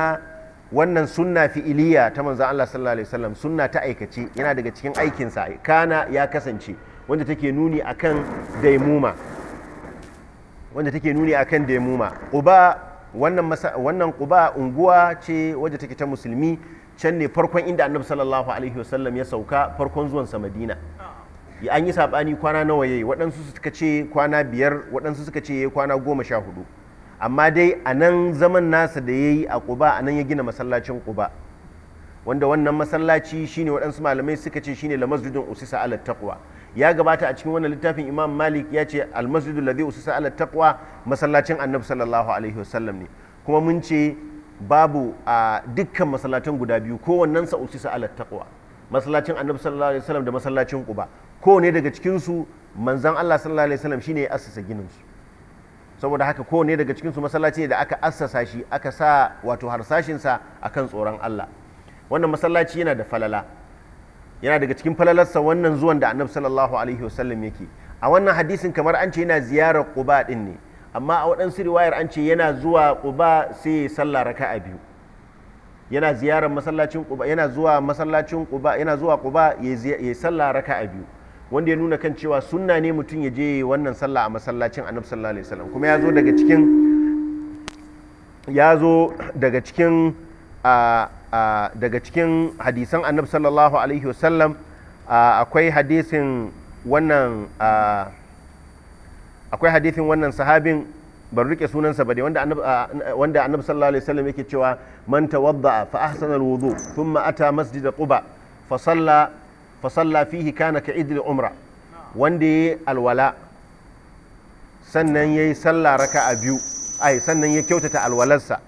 wannan sunna fi'iliya ta manzan Allah sallallahu alaihi wasallam sunna ta aikace yana daga cikin aikinsa kana ya kasance wanda take nuni akan daimuma wanda take nuni akan daimuma uba wannan wannan quba unguwa ce wadda take ta musulmi can ne farkon inda annabi sallallahu alaihi wasallam ya sauka farkon zuwan sa madina an yi saɓani kwana nawa yayi waɗansu suka ce kwana biyar waɗansu suka ce kwana goma sha hudu amma dai a nan zaman nasa da ya yi a ƙuba a nan ya gina masallacin ƙuba wanda wannan masallaci shine waɗansu malamai suka ce shine la masjidun usisa ala taqwa ya gabata a cikin wannan littafin imam malik ya ce al masjidul ladhi usisa ala taqwa masallacin annabi sallallahu alaihi wasallam ne kuma mun ce babu a dukkan masallatan guda biyu kowannensa usisa ala taqwa masallacin annabi sallallahu alaihi wasallam da masallacin quba kowane daga cikinsu manzan Allah sallallahu alaihi wasallam shine ya assasa gininsu saboda haka kowane daga cikinsu masallaci ne da aka assasa shi aka sa wato harsashinsa akan tsoron Allah wannan masallaci yana da falala yana daga cikin falalarsa wannan zuwan da annabi sallallahu alaihi wasallam yake a wannan hadisin kamar an ce yana ziyarar quba din ne amma a waɗansu riwayar an ce yana zuwa quba sai ya sallah raka'a biyu yana ziyarar masallacin quba yana zuwa masallacin quba yana zuwa quba ya sallah raka'a biyu wanda ya nuna kan cewa sunna ne mutum ya je wannan sallah a masallacin annabi sallallahu alaihi wasallam kuma ya zo daga cikin ya zo daga cikin daga cikin hadisan annabi sallallahu alaihi wasallam akwai hadisin wannan akwai hadisin wannan sahabin ban rike sunansa ba dai wanda annabi sallallahu alaihi wasallam yake cewa man tawadda fa ahsana alwudu thumma ata masjid quba fa salla fa salla fihi kana ka idil umra wanda yayi alwala sannan yayi sallah raka'a biyu ai sannan ya kyautata alwalarsa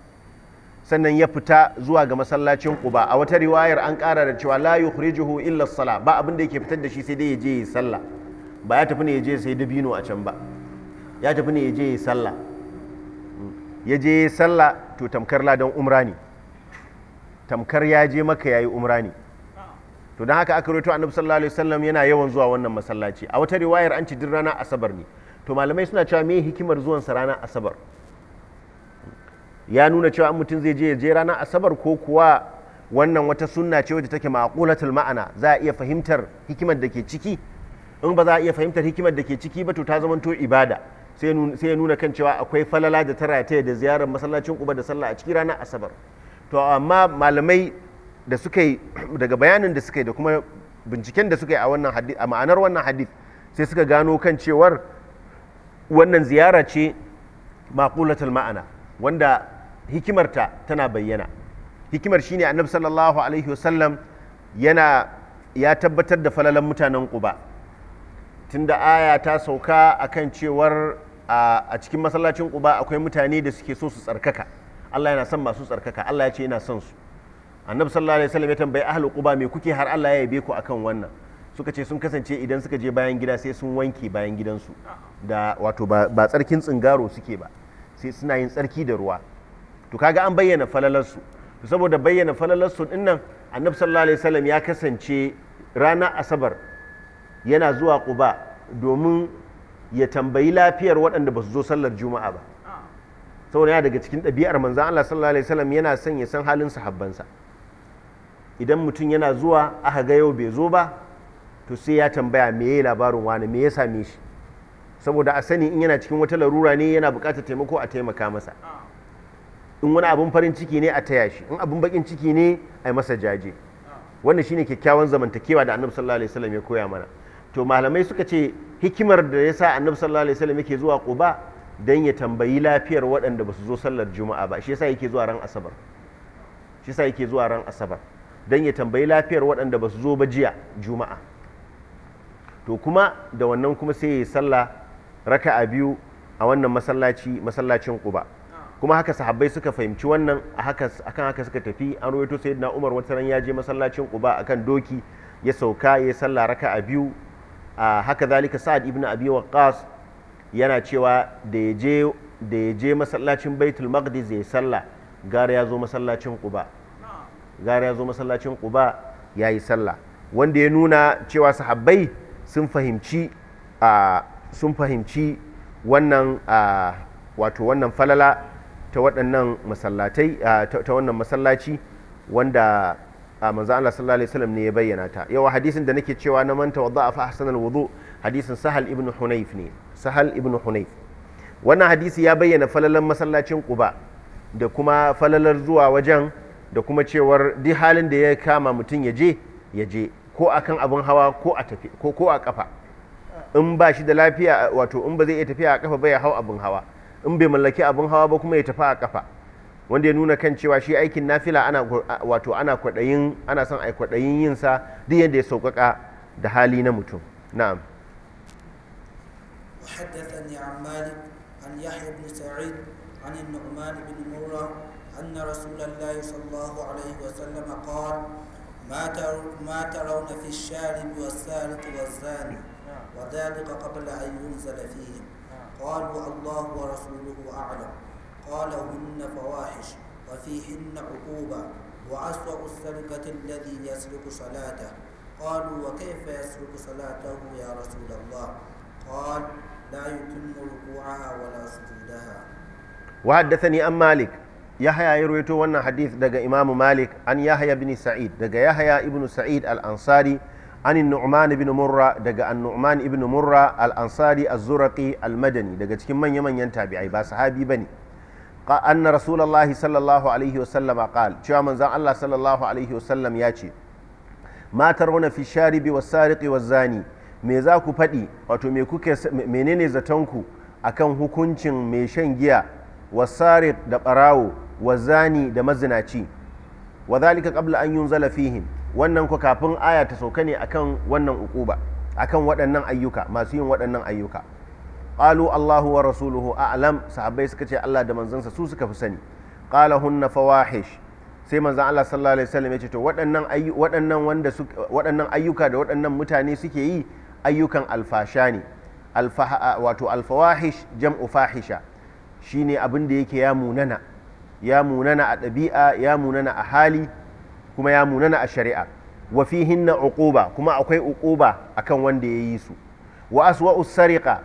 sannan ya fita zuwa ga masallacin ba. a wata riwayar an ƙara da cewa la yukhrijuhu illa sala ba abin da yake fitar da shi sai dai ya je yi sallah ba ya tafi ne ya je sai dabino a can ba ya tafi ne ya je yi sallah hmm. ya je yi sallah to tamkar ladan umra ne tamkar ya je maka ya yi umra ne to don haka aka rawaito annabi sallallahu alaihi wasallam yana yawan zuwa wannan masallaci a wata riwayar an ci rana asabar ne to malamai suna cewa me hikimar zuwan sa ranar asabar ya nuna cewa an mutum zai je je ranar asabar ko kuwa wannan wata sunna ce wadda take maqulatul ma'ana za a iya fahimtar hikimar da ke ciki in ba za a iya fahimtar hikimar da ke ciki ba to ta zamanto ibada sai ya nuna kan cewa akwai falala da ta da ziyarar masallacin kuba da sallah a cikin ranar asabar to amma malamai da suka yi daga bayanin da suka yi da kuma binciken da suka yi a ma'anar wannan hadith sai suka gano kan cewar wannan ziyara ce maqulatul ma'ana wanda hikimarta tana bayyana hikimar shine annabi sallallahu alaihi wasallam yana ya tabbatar da falalan mutanen quba tunda aya ta sauka akan cewar a cikin masallacin quba akwai mutane da suke so su tsarkaka Allah yana son masu tsarkaka Allah ya ce yana son su annabi sallallahu alaihi wasallam ya tambayi ahlul quba me kuke har Allah ya yabe ku akan wannan suka ce sun kasance idan suka je bayan gida sai sun wanke bayan gidansu da wato ba tsarkin tsingaro suke ba sai suna yin tsarki da ruwa to kaga an bayyana falalarsu to saboda bayyana falalarsu dinnan annabi sallallahu alaihi wasallam ya kasance ranar asabar yana zuwa quba domin ya tambayi lafiyar waɗanda ba su zo sallar juma'a ba ah. saboda yana daga cikin ɗabi'ar manzan Allah sallallahu alaihi wasallam yana son ya san halin sahabbansa idan mutum yana zuwa aka ga yau bai zo ba to sai ya tambaya me ya labarin wani me ya same shi saboda a sani in yana cikin wata larura ne yana buƙatar taimako a taimaka masa in wani abin farin ciki ne a taya shi in abin bakin ciki ne a masa jaje wannan shine kyakkyawan zamantakewa da annabi sallallahu alaihi wasallam ya koya mana to malamai suka ce hikimar da ya sa annabi sallallahu alaihi wasallam yake zuwa quba dan ya tambayi lafiyar waɗanda ba su zo sallar juma'a ba shi yasa yake zuwa ran asabar shi yasa yake zuwa ran asabar don ya tambayi lafiyar waɗanda ba su zo ba jiya juma'a to kuma da wannan kuma sai ya yi sallah raka'a biyu a wannan masallaci masallacin ƙuba kuma haka sahabbai suka fahimci wannan a akan haka suka tafi an rawaito na umar wata ran ya je masallacin a akan doki ya sauka ya yi raka raka'a biyu a haka zalika sa'ad ibn abi waqqas yana cewa da ya je masallacin baitul maqdis ya yi sallah gara ya zo masallacin ƙuba gara ya zo masallacin quba ya yi sallah wanda ya nuna cewa sahabbai sun fahimci fahimci wannan wato wannan falala ta waɗannan masallatai ta wannan masallaci wanda manzan Allah sallallahu alaihi wasallam ne ya bayyana ta yawa hadisin da nake cewa na manta wadda fa wudu hadisin sahal ibn hunayf ne sahal ibn hunayf wannan hadisi ya bayyana falalan masallacin quba da kuma falalar zuwa wajen da kuma cewar duk halin da ya kama mutum ya je ya je ko a kan abin hawa ko a tafi ko a kafa in ba shi da lafiya wato in ba zai iya tafiya a kafa ba ya hau abin hawa in bai mallaki abin hawa ba kuma ya tafi a kafa wanda ya nuna kan cewa shi aikin nafila ana wato ana kwaɗayin ana son ai kwaɗayin yin sa duk yadda ya sauƙaƙa da hali na mutum na'am وحدثني عن an عن يحيى بن سعيد عن النعمان بن مره أن رسول الله صلى الله عليه وسلم قال ما ترون في الشارب والسارق والزاني نعم. وذلك قبل أن ينزل فيهم نعم. قالوا الله ورسوله أعلم قال هن فواحش وفيهن عقوبة وأسوأ السرقة الذي يسرق صلاته قالوا وكيف يسرق صلاته يا رسول الله قال لا يتم ركوعها ولا سجودها وحدثني أم مالك yahaya ya rawaito wannan hadith daga imamu malik an yahya bin sa'id daga yahya ibn sa'id al-ansari an nu'man ibn murra daga an nu'man ibn murra al-ansari az-zuraqi al-madani daga cikin manya manyan tabi'ai ba sahabi bane anna rasulullahi sallallahu alaihi wasallam qal cewa manzan Allah sallallahu alaihi sallam ya ce ma tarawna fi sharibi wa sariqi wa zani me za ku faɗi wato me kuke menene ku akan hukuncin mai shan giya wasariq da ɓarawo wa zani da mazinaci wa zalika qabla an yunzala fihim wannan ku kafin aya ta sauka ne akan wannan ukuba akan waɗannan ayyuka masu yin waɗannan ayyuka qalu Allahu wa rasuluhu a'lam sahabbai suka ce Allah da manzansa su suka fi sani qala hunna fawahish sai manzan Allah sallallahu alaihi wasallam ya ce to waɗannan waɗannan ayyuka da waɗannan mutane suke yi ayyukan alfasha ne wato alfawahish jam'u fahisha shine abin da yake ya munana ya munana a ɗabi'a ya munana a hali kuma ya munana a shari'a wa na uquba kuma akwai uquba akan wanda ya yi su wa aswa'u sariqa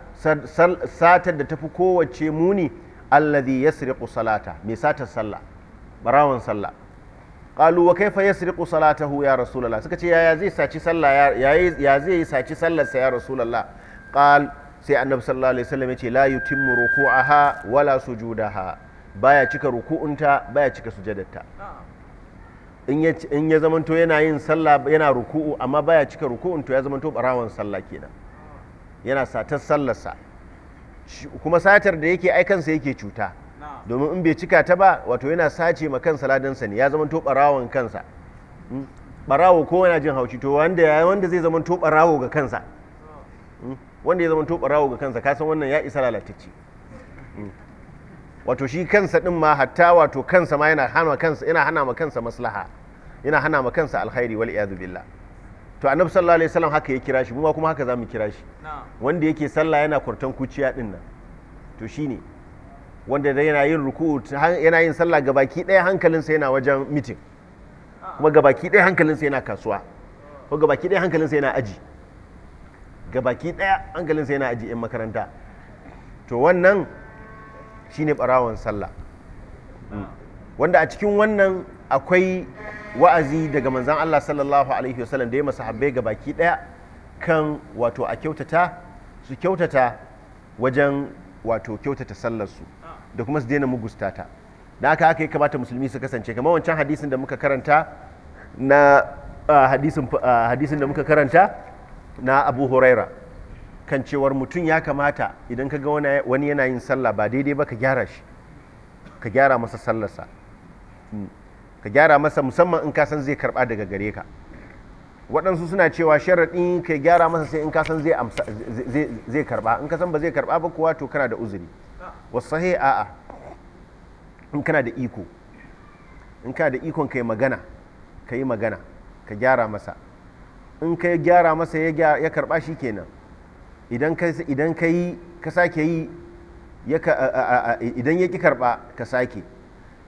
satar da tafi kowace muni alladhi yasriqu salata mai satar sallah barawan sallah qalu wa kaifa yasriqu salatahu ya rasulullah suka ce yaya zai saci sallah ya zai saci sallarsa ya rasulullah qal sai annabi sallallahu alaihi wasallam ya ce la yutimmu ruku'aha wala sujudaha baya cika ruku'unta baya cika sujadarta in ya zamanto yana yin sallah yana ruku'u amma baya cika ruku'un to ya zamanto barawan sallah kenan yana satar sallarsa kuma satar da yake ai kansa yake cuta domin in bai cika ta ba wato yana sace ma kansa ladansa ne ya zamanto barawan kansa barawo hmm? ko yana jin haushi to wanda wanda zai zamanto barawo ga kansa hmm? wanda ya zamanto barawo ga kansa kasan wannan ya isa lalatacce hmm? wato shi kansa din ma hatta wato kansa ma yana hana kansa yana hana ma kansa maslaha yana hana ma kansa alkhairi wal iyad billah to annabi sallallahu alaihi wasallam haka ya kira shi kuma kuma haka zamu kira shi wanda yake sallah yana kurtan kuciya din nan to shine wanda da yana yin ruku'u yana yin sallah gabaki daya hankalinsa yana wajen mitin kuma gabaki daya hankalinsa yana kasuwa ko gabaki daya hankalinsa yana aji gabaki daya hankalinsa yana aji in makaranta to wannan shine barawon sallah hmm. wanda a cikin wannan akwai wa'azi daga manzan Allah sallallahu alaihi wasallam da ya masahabbai ga baki daya kan wato a kyautata su kyautata wajen wato kyautata su da kuma su daina mugustata da aka haka ya kamata musulmi su kasance kamar wancan hadisin da muka karanta na ah, ah, hadisin da muka karanta na Abu Huraira kan cewar mutum ya kamata idan ka ga wani yana yin sallah ba daidai ba ka gyara shi ka gyara masa sallarsa hmm. ka gyara masa musamman in ka san zai karba daga gare ka waɗansu suna cewa sharaɗin ka gyara masa sai in ka san zai karba in ka san ba zai karba ba kuwa to kana da uzuri wasu a'a in kana da iko in kana da ikon ka yi magana ka yi magana ka gyara masa in ka gyara masa ya karba shi kenan idan ka yi ka sake yi idan ya ki karba ka sake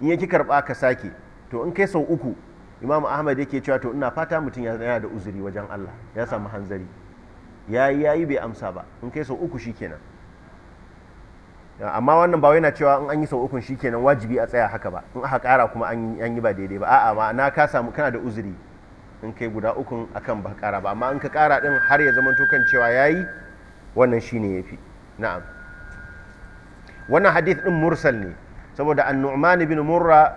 in ya ki karba ka sake to in kai sau uku imam ahmad yake cewa to ina fata mutum yana da uzuri wajen allah ya samu hanzari ya yi ya yi bai amsa ba in kai sau uku shikenan amma wannan ba yana cewa in an yi sau shi shikenan wajibi a tsaya haka ba in aka kara kuma an yi ba daidai ba a'a ma na ka samu kana da uzuri in kai guda ukun akan ba kara ba amma in ka kara din har ya zama to kan cewa yayi wannan shi ne ya fi na'am wannan hadith din mursal ne saboda an-nu'man bin murra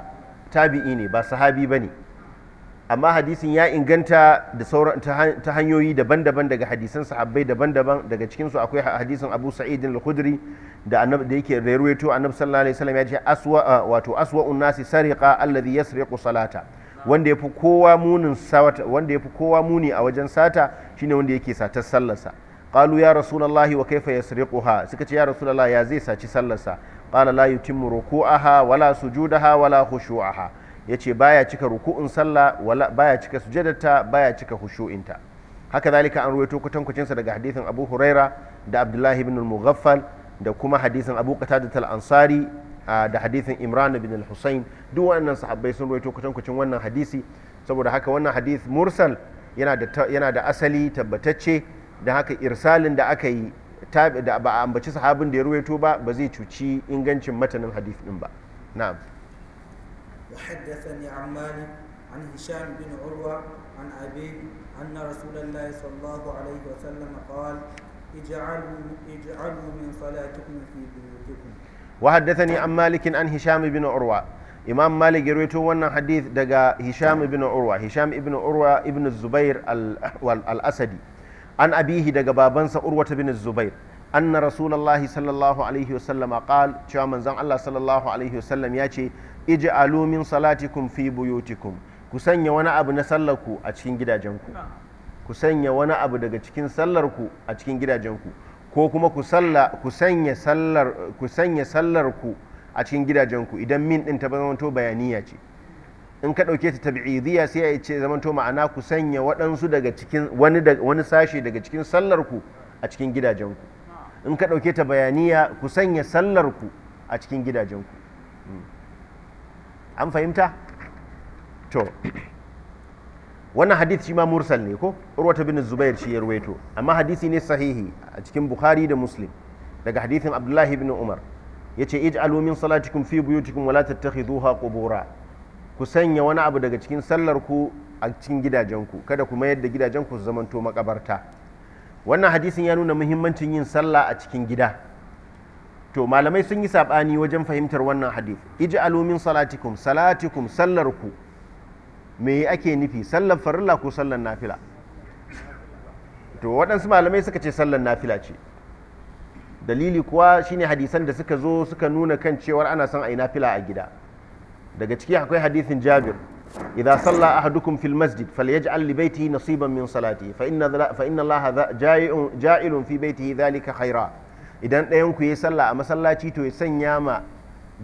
tabi'i ne ba sahabi ba ne amma hadisin ya inganta da sauran ta hanyoyi daban-daban daga hadisan sahabbai daban-daban daga cikinsu akwai hadisin Abu Sa'id al-Khudri da annab da yake rawaito annab sallallahu alaihi wasallam ya ce aswa wato aswa'un nasi sariqa alladhi yasriqu salata wanda yafi kowa munin sata wanda yafi kowa muni a wajen sata shine wanda yake satar sallarsa qalu ya rasulullahi wa kaifa yasriquha suka ce ya rasulullahi ya zai saci sallarsa qala la yutimmu ruku'aha wala sujudaha wala khushu'aha yace baya cika ruku'un sallah wala baya cika sujadarta baya cika khushu'inta haka zalika an ruwaito kwatankwacinsa daga hadisin abu huraira da abdullahi ibn al-mughaffal da kuma hadisin abu qatada al-ansari da hadisin imran ibn al-husayn duk wannan sahabbai sun ruwaito kwatankwacin wannan hadisi saboda haka wannan hadis mursal yana da asali tabbatacce da haka irsalin da aka yi da ba a ambaci sahabin da ya ruwaito ba ba zai cuci ingancin matanin hadith din ba na na'am wa haddathani ne an an hisham bin urwa an abi anna rasulullahi sallallahu alaihi wa sallam qala ij'alu ij'alu min salatikum fi buyutikum wa haddathani ne an malikin an hisham bin urwa imam malik ya wannan hadith daga hisham bin urwa hisham bin urwa ibn zubair al-asadi an abihi daga babansa urwata bin zubair an na rasulallah sallallahu alaihi wasallam qal cewa manzan Allah sallallahu alaihi wasallam ya ce iji alumin salatikum fi buyutikum ku sanya wani abu na sallarku a cikin gidajenku ku sanya wani abu daga cikin sallarku a cikin gidajenku ko kuma ku sanya sallar ku sallarku a cikin gidajenku idan min ɗin ta zama to bayaniya ce in ka ɗauke ta tabi'idiyya sai ya ce zamanto ma'ana ku sanya waɗansu daga cikin wani wani sashe daga cikin sallarku a cikin gidajen ku in ka ɗauke ta bayaniya ku sanya sallarku a cikin gidajen ku hmm. an fahimta to wannan hadith shi ma mursal ne ko urwata bin zubair shi ya ruwaito amma hadisi ne sahihi a cikin bukhari da muslim daga hadithin abdullahi bin umar yace ij'alu min salatikum fi buyutikum wa la tattakhidhuha qubura ku sanya wani abu daga cikin sallar ku a cikin gidajenku kada ku mayar da gidajenku su zamanto makabarta wannan hadisin ya nuna muhimmancin yin sallah a cikin gida to malamai sun yi saɓani wajen fahimtar wannan hadis Iji min salatikum salatikum ku. me ake nufi sallar farilla ko sallar nafila to waɗansu malamai suka ce sallar nafila ce dalili kuwa shine hadisan da suka zo suka nuna kan cewar ana son a yi nafila a gida daga ciki akwai hadithin jabir idza salla ahadukum fil masjid falyaj'al li baytihi nasiban min salati fa inna fa inna allaha ja'ilun fi baytihi dhalika khaira idan ɗayan ku yayi sallah a masallaci to ya sanya ma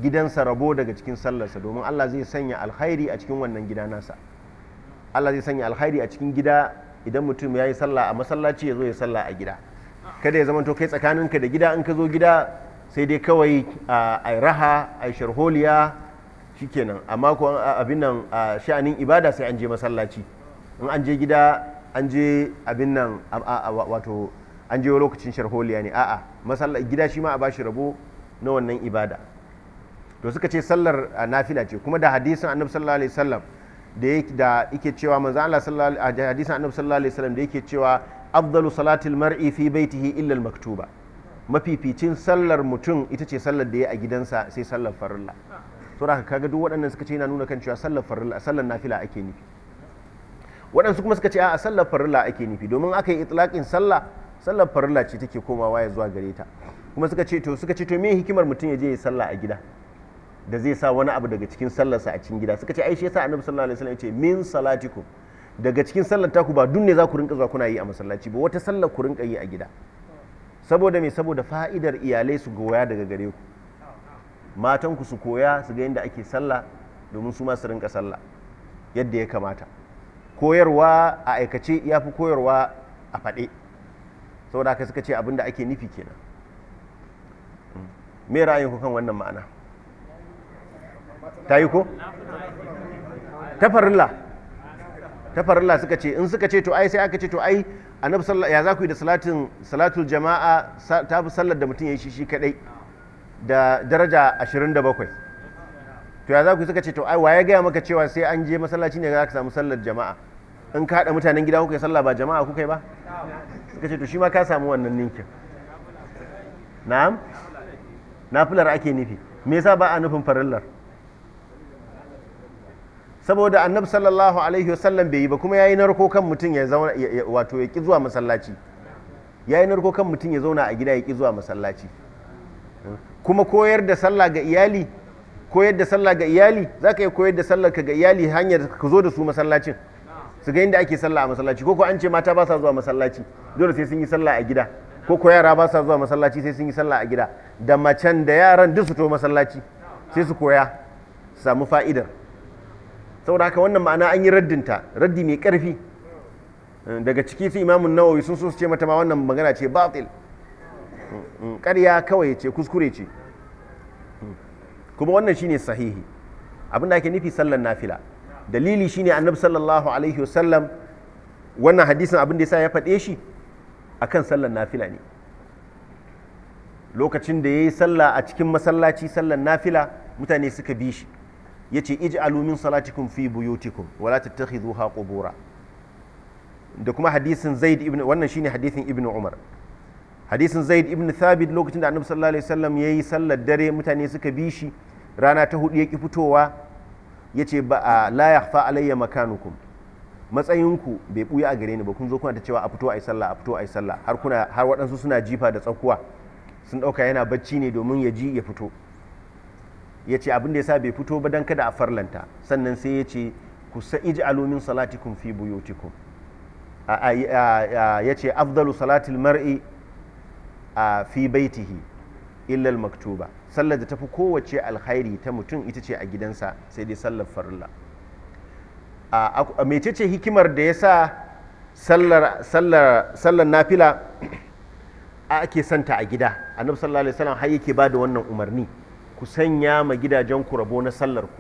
gidansa rabo daga cikin sallarsa domin Allah zai sanya alkhairi a cikin wannan gida nasa Allah zai sanya alkhairi a cikin gida idan mutum ya yi sallah a masallaci yazo ya sallah a gida kada ya zama to kai tsakaninka da gida in ka zo gida sai dai kawai a raha a sharholiya shikenan amma ko abin nan a sha'anin ibada sai an je masallaci in an je gida an je abin nan wato an je lokacin sharholiya ne a'a masallaci gida shi ma a bashi rabo na wannan ibada to suka ce sallar nafila ce kuma da hadisin annabi sallallahu alaihi wasallam da yake da cewa manzo Allah sallallahu hadisin annabi sallallahu alaihi wasallam da yake cewa afdalu salatil mar'i fi baitihi illa al maktuba mafificin sallar mutum ita ce sallar da ya a gidansa sai sallar farilla saboda haka kaga duk waɗannan suka ce yana nuna kan cewa sallar farilla sallar nafila ake nufi waɗansu kuma suka ce a sallar farilla ake nufi domin aka yi itlaqin sallah sallar farilla ce take komawa ya zuwa gare ta kuma suka ce to suka ce to me hikimar mutum ya je ya sallah a gida da zai sa wani abu daga cikin sallarsa a cikin gida suka ce ai shi yasa annabi sallallahu alaihi wasallam ya ce min salatikum daga cikin sallar taku ba dun ne za ku rinka zuwa kuna yi a masallaci ba wata sallar ku rinka yi a gida saboda me saboda fa'idar iyalai su goya daga gare ku matanku su koya su ga yadda ake sallah domin su masu rinka sallah yadda ya kamata koyarwa a aikace ya fi koyarwa a faɗe saboda haka suka ce abin da ake nufi kenan me ra'ayin ku kan wannan ma'ana ta yi ko tafarilla tafarilla suka ce in suka ce to ai sai aka ce to ai annabi ya za ku yi da salatul jama'a ta fi sallar da mutum ya yi shi shi kadai da daraja 27 to ya za ku suka ce to ai waye gaya maka cewa sai an je masallaci ne za ka samu sallar jama'a in ka haɗa mutanen gida kuka yi sallah ba jama'a kuka yi ba suka ce to shi ma ka samu wannan ninkin na'am nafilar ake nufi me yasa ba a nufin farillar saboda annabi sallallahu alaihi wasallam bai yi ba kuma yayi narko kan mutum ya zauna wato ya ki zuwa masallaci yayi narko kan mutum ya zauna a gida ya ki zuwa masallaci kuma koyar da sallah ga iyali koyar da sallah ga iyali za ka iya koyar da sallah ga iyali hanyar ka zo da su masallacin su ga inda ake sallah a masallaci ko ko an ce mata ba sa zuwa masallaci dole sai sun yi sallah a gida ko ko yara ba sa zuwa masallaci sai sun yi sallah a gida da macen da yaran duk su to masallaci sai su koya samu fa'idar saboda haka wannan ma'ana an yi raddinta raddi mai karfi daga ciki su imamun nawawi sun so su ce mata ma wannan magana ce batil ƙarya kawai ce kuskure ce kuma wannan shine sahihi abin ake nufi sallan nafila dalili shine annabi sallallahu alaihi wasallam wannan hadisin abin da yasa ya faɗe shi akan sallan nafila ne lokacin da ya yi salla a cikin masallaci sallan nafila mutane suka bi shi ya ce iji alumin salatikum fi buyutikum wala tattakhidhuha qubura da kuma hadisin zaid ibn wannan shine hadisin ibn umar hadisin zaid ibn thabit lokacin da annabi sallallahu alaihi wasallam ya yi sallar dare mutane suka bi shi rana ta hudu ya fitowa ya ce ba a la yakhfa alayya makanukum matsayinku bai buya a gare ni ba kun zo kuna ta cewa a fito ai sallah a fito ai sallah har kuna har waɗansu suna jifa da tsakuwa sun ɗauka yana bacci ne domin ya ji ya fito ya ce abin da ya sa bai fito ba don kada a farlanta sannan sai ya ce ku sa'ij alumin salatikum fi buyutikum ya ce afdalu salatil mar'i a fi baitihi illal maktuba sallar da tafi kowace alkhairi ta mutum ita ce a gidansa sai dai sallar farilla a mecece hikimar da ya sa sallar nafila ake santa a gida annabi sallallahu alaihi wasallam har yake ba da wannan umarni ku sanya ma gidajen ku rabo na sallar ku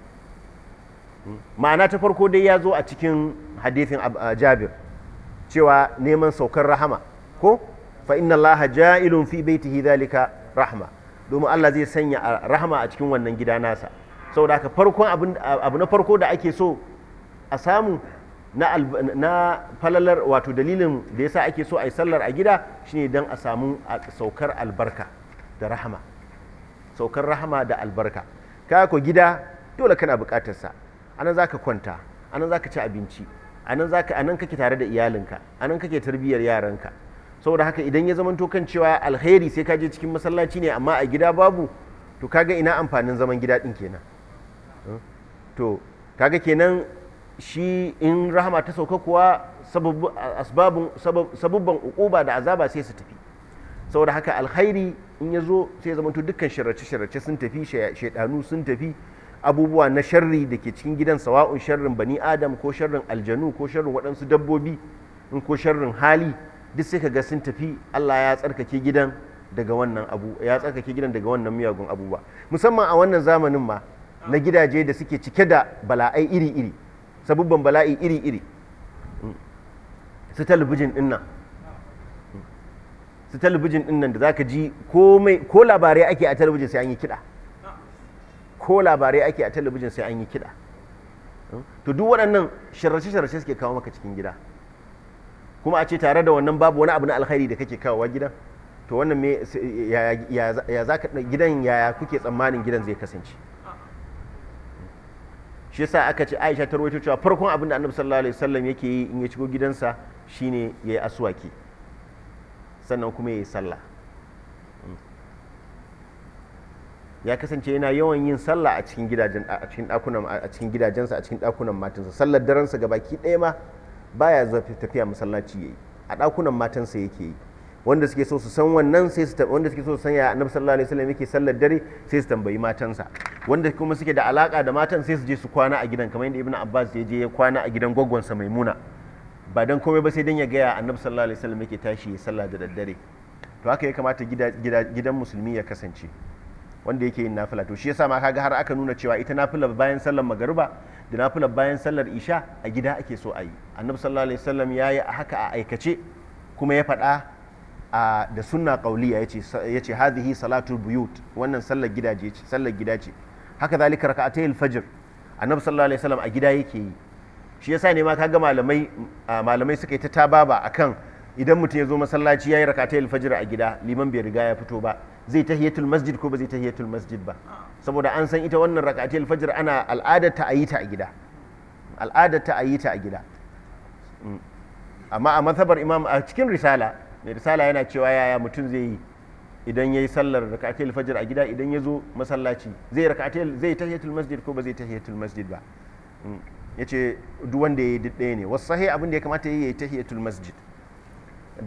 hmm? ma'ana ta farko dai ya zo a cikin hadithin jabir cewa neman saukar rahama ko fa inna allaha ja'ilun fi baitihi zalika rahma domin Allah zai sanya rahma a cikin wannan gida nasa saboda haka farkon abu na farko da ake so a samu na falalar wato dalilin da yasa ake so a yi sallar a gida shine dan a samu saukar albarka da rahama saukar rahama da albarka ka ko gida dole kana bukatar sa anan zaka kwanta anan zaka ci abinci anan zaka anan kake tare da iyalinka anan kake tarbiyyar yaranka saboda haka idan ya zamanto kan cewa alheri sai ka je cikin masallaci ne amma a gida babu to kaga ina amfanin zaman gida din kenan to kaga kenan shi in rahama ta sauka kuwa sababban ukuba da azaba sai su tafi saboda haka alheri in ya zo sai zamanto dukkan sharrace shirrace sun tafi shaidanu sun tafi abubuwa na sharri da ke cikin gidan sawa'un sharrin bani adam ko sharrin aljanu ko sharrin waɗansu dabbobi in ko sharrin hali duk sai ka ga sun tafi Allah ya tsarkake gidan daga wannan abu ya tsarkake gidan daga wannan miyagun abubuwa musamman a wannan zamanin ma na gidaje da suke cike da bala'ai iri-iri sabubban bala'i iri-iri mm. su talabijin dinnan mm. su talabijin dinnan da zaka ji komai ko labarai ake a talabijin sai an yi kiɗa ko labarai ake a talabijin sai an yi kiɗa mm. to duk waɗannan sharrace-sharrace suke kawo maka cikin gida kuma a ce tare da wannan babu wani abu na alkhairi da kake kawowa gidan to wannan me ya za ka gidan yaya kuke tsammanin gidan zai kasance shi yasa aka ce Aisha ta rawaito cewa farkon abin da Annabi sallallahu alaihi wasallam yake yi in ya shigo gidansa shine yayi aswaki sannan kuma yayi sallah ya kasance yana yawan yin sallah a cikin gidajen a cikin dakunan a cikin gidajensa a cikin dakunan matansa sallar daransa gabaki ɗaya ma baya zafi tafiya masallaci yayi a ɗakunan matansa yake yi wanda suke so su san wannan sai su wanda suke so su san ya annabi sallallahu alaihi wasallam yake sallar dare sai su tambayi matansa wanda kuma suke da alaka da matan sai su je su kwana a gidan kamar yadda ibnu abbas ya je ya kwana a gidan gwaggonsa maimuna ba dan komai ba sai dan ya gaya annabi sallallahu alaihi wasallam yake tashi ya sallah da daddare to haka ya kamata gidan musulmi ya kasance wanda yake yin nafila to shi yasa ma kaga har aka nuna cewa ita nafila bayan sallar magariba da nafila bayan sallar isha a gida ake so a yi annabi sallallahu alaihi wasallam ya yi haka a aikace kuma ya faɗa da sunna qauliya ya ce hadhihi salatul buyut wannan sallar gidaje ce sallar gida ce haka zalika raka'atay al-fajr annabi sallallahu alaihi wasallam a gida yake yi shi yasa ne ma kaga malamai malamai suka yi ta tababa akan idan mutum ya zo masallaci ya yi raka'atay al-fajr a gida liman bai riga ya fito ba zai tahiyatul masjid ko ba zai tahiyatul masjid ba saboda an san ita wannan rakati alfajir ana ta a yi ta a gida ta a yi ta a gida mm. amma a mazhabar imam a cikin risala mai risala yana cewa yaya mutum zai yi idan ya yi sallar rakati alfajir a gida idan ya zo masallaci zai rakati zai tahiyatul masjid ko ba zai tahiyatul masjid ba mm. yace duk wanda yayi duk ɗaya ne wasu sahi abin da ya kamata yayi ta tahiyatul masjid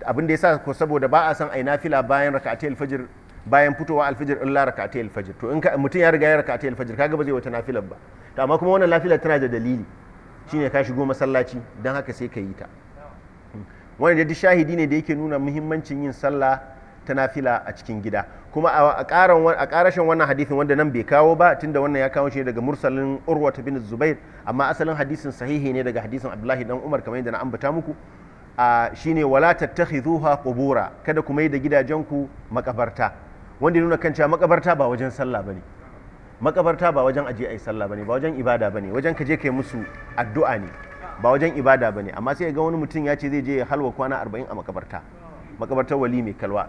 abin da yasa ko saboda ba a san ai nafila bayan rakati alfajir bayan fitowa alfijir in lara rak'atay alfajr to in ka mutum ya riga ya rak'atay alfajr kaga ba zai wata nafilar ba to amma kuma wannan nafilar tana da dalili shine ka shigo masallaci dan haka sai ka yi ta wannan da shahidi ne da yake nuna muhimmancin yin sallah ta nafila a cikin gida kuma a ƙarashin wannan hadisin wanda nan bai kawo ba tunda wannan ya kawo shi daga mursalin urwata bin zubair amma asalin hadisin sahihi ne daga hadisin abdullahi dan umar kamar yadda na ambata muku a shine wala tattakhizuha qubura kada ku mai da gidajen ku makabarta wanda ya nuna kan cewa makabarta ba wajen sallah bane makabarta ba wajen aje ai sallah bane ba wajen ibada bane wajen ka je kai musu addu'a ne ba wajen ibada bane amma sai ga wani mutum ya ce zai je halwa kwana 40 a makabarta makabartar wali mai kalwa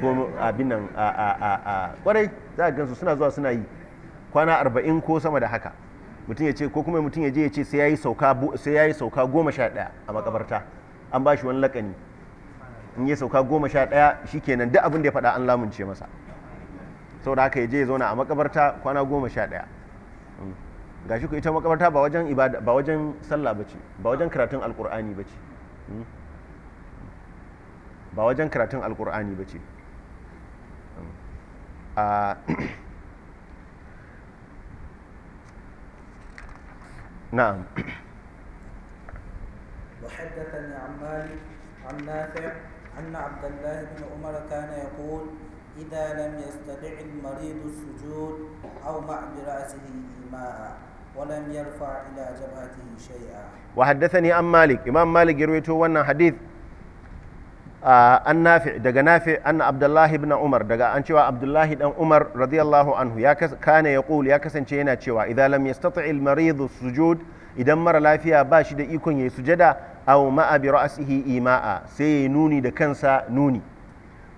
ko abin nan a a a a kwarai za ka gansu suna zuwa suna yi kwana 40 ko sama da haka mutum ya ce ko kuma mutum ya je ya ce sai yayi sauka sai yayi sauka 11 a makabarta an ba shi wani lakani in ya sauka goma sha ɗaya kenan duk abin da ya faɗa an lamunce masa sau da haka ya je ya zauna a makabarta kwana goma sha ɗaya mm. gashi ku ita makabarta ba wajen ibada ba wajen sallah ce ba wajen karatun alkur'ani ce mm. ba wajen karatun alkur'ani ba ce. Mm. [COUGHS] na'am وحدثني عن مالك عن نافع أن عبد الله بن عمر كان يقول إذا لم يستطع المريض السجود أو مع برأسه إيماء ولم يرفع إلى جبهته شيئا وحدثني أم مالك إمام مالك يرويته وانا حديث النافع دقى نافع أن عبد الله بن عمر دقى أن شوى عبد الله بن عمر رضي الله عنه يا كان يقول يا كسن شينا شوى إذا لم يستطع المريض السجود إذا مر لا فيها باشد إيكون يسجد aw ma'a bi ra'sihi ima'a sai yayi nuni da kansa nuni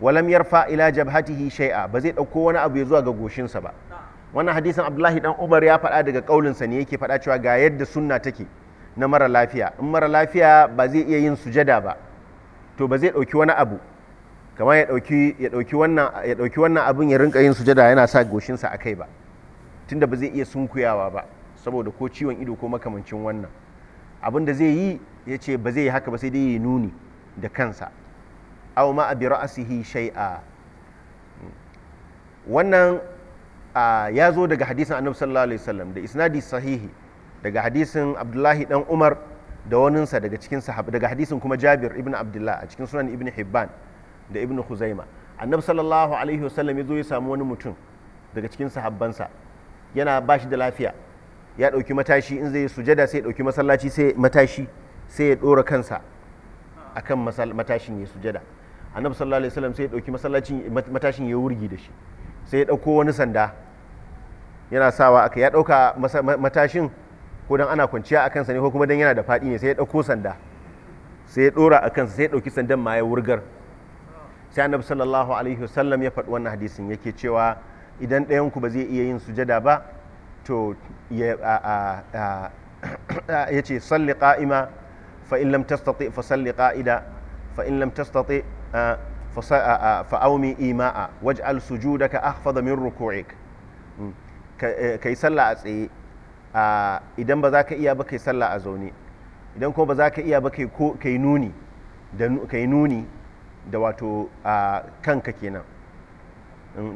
walam yarfa ila jabhatihi shai'a ba zai dauko wani abu ya zuwa ga goshinsa ba wannan hadisin Abdullahi dan Umar ya faɗa daga kaulin sa ne yake faɗa cewa ga yadda sunna take na mara lafiya in mara lafiya ba zai iya yin sujada ba to ba zai dauki wani abu kamar ya dauki wannan abin ya rinka yin sujada yana sa goshinsa akai ba tunda ba zai iya sunkuyawa ba saboda ko ciwon ido ko makamancin wannan abin da zai yi ya ce ba zai yi haka ba sai dai yi nuni da kansa aw ma abi ra'sihi shay'a wannan ya zo daga hadisin annabi sallallahu alaihi wasallam da isnadi sahihi daga hadisin abdullahi dan umar da waninsa daga cikin sahaba daga hadisin kuma jabir ibn abdullah a cikin sunan ibn hibban da ibn khuzaima annabi sallallahu alaihi wasallam ya zo ya samu wani mutum daga cikin sahabbansa yana bashi da lafiya ya ɗauki matashi in zai sujada sai ya ɗauki masallaci sai matashi sai ya ɗora kansa a kan matashin ya sujada annabi sallallahu alaihi wasallam sai ya ɗauki matashin ya wurgi da shi sai ya ɗauko wani sanda yana sawa aka ya ɗauka matashin ko dan ana kwanciya a kansa ne ko kuma dan yana da faɗi ne sai ya ɗauko sanda sai ya ɗora a kansa sai ya ɗauki sandan ma ya wurgar sai annabi sallallahu alaihi wasallam ya faɗi wannan hadisin yake cewa idan ɗayan ku ba zai iya yin sujada ba to ya [COUGHS] ce salli ƙa'ima. fa in lam tastati fa salli qa'ida fa in lam tastati fa aumi ima'a waj'al sujudaka ahfadha min ruku'ik kai sallah a tsaye idan ba za ka iya ba kai sallah a zaune idan kuma ba za ka iya ba kai nuni kai nuni da wato kanka kenan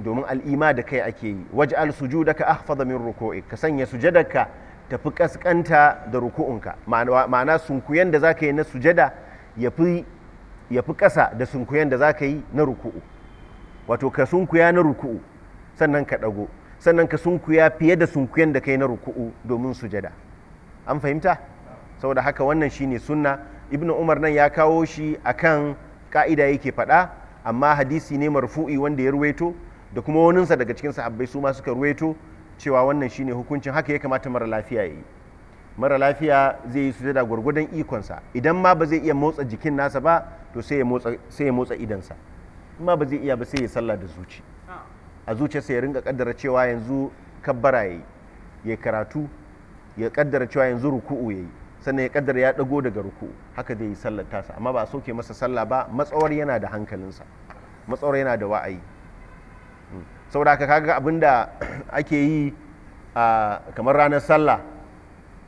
domin al'ima da kai ake yi waj'al sujudaka min ruku'ik ka sanya ka. tafi kaskanta da ruku'unka ma'ana sunkuyen da za ka yi na sujada ya fi ƙasa da sunkuyen da za ka yi na ruku'u wato ka sunkuya na ruku'u sannan ka ɗago sannan ka sunkuya fiye da sunkuyen da ka yi na ruku'u domin sujada an fahimta saboda haka wannan shi ne sunna ibnu umar nan ya kawo shi akan ka'ida yake faɗa amma hadisi ne marfu'i wanda ya ruwaito da kuma waninsa daga cikin sahabbai su ma suka ruwaito cewa wannan shine hukuncin haka ya kamata mara lafiya ya yi mara lafiya zai yi sujada gwargwadon ikonsa idan ma ba zai iya motsa jikin nasa ba to sai ya motsa idansa in ma ba zai iya ba sai ya sallah da zuci a zuciyarsa ya ringa kaddara cewa yanzu kabbara ya yi ya karatu ya kaddara cewa yanzu ruku'u ya yi sannan ya kaddara ya dago daga ruku'u haka zai yi sallar tasa amma ba a soke masa sallah ba matsawar yana da hankalinsa matsawar yana da wa'ayi saboda ka kaga abin da [CLEARS THROAT] ake yi a kamar ranar sallah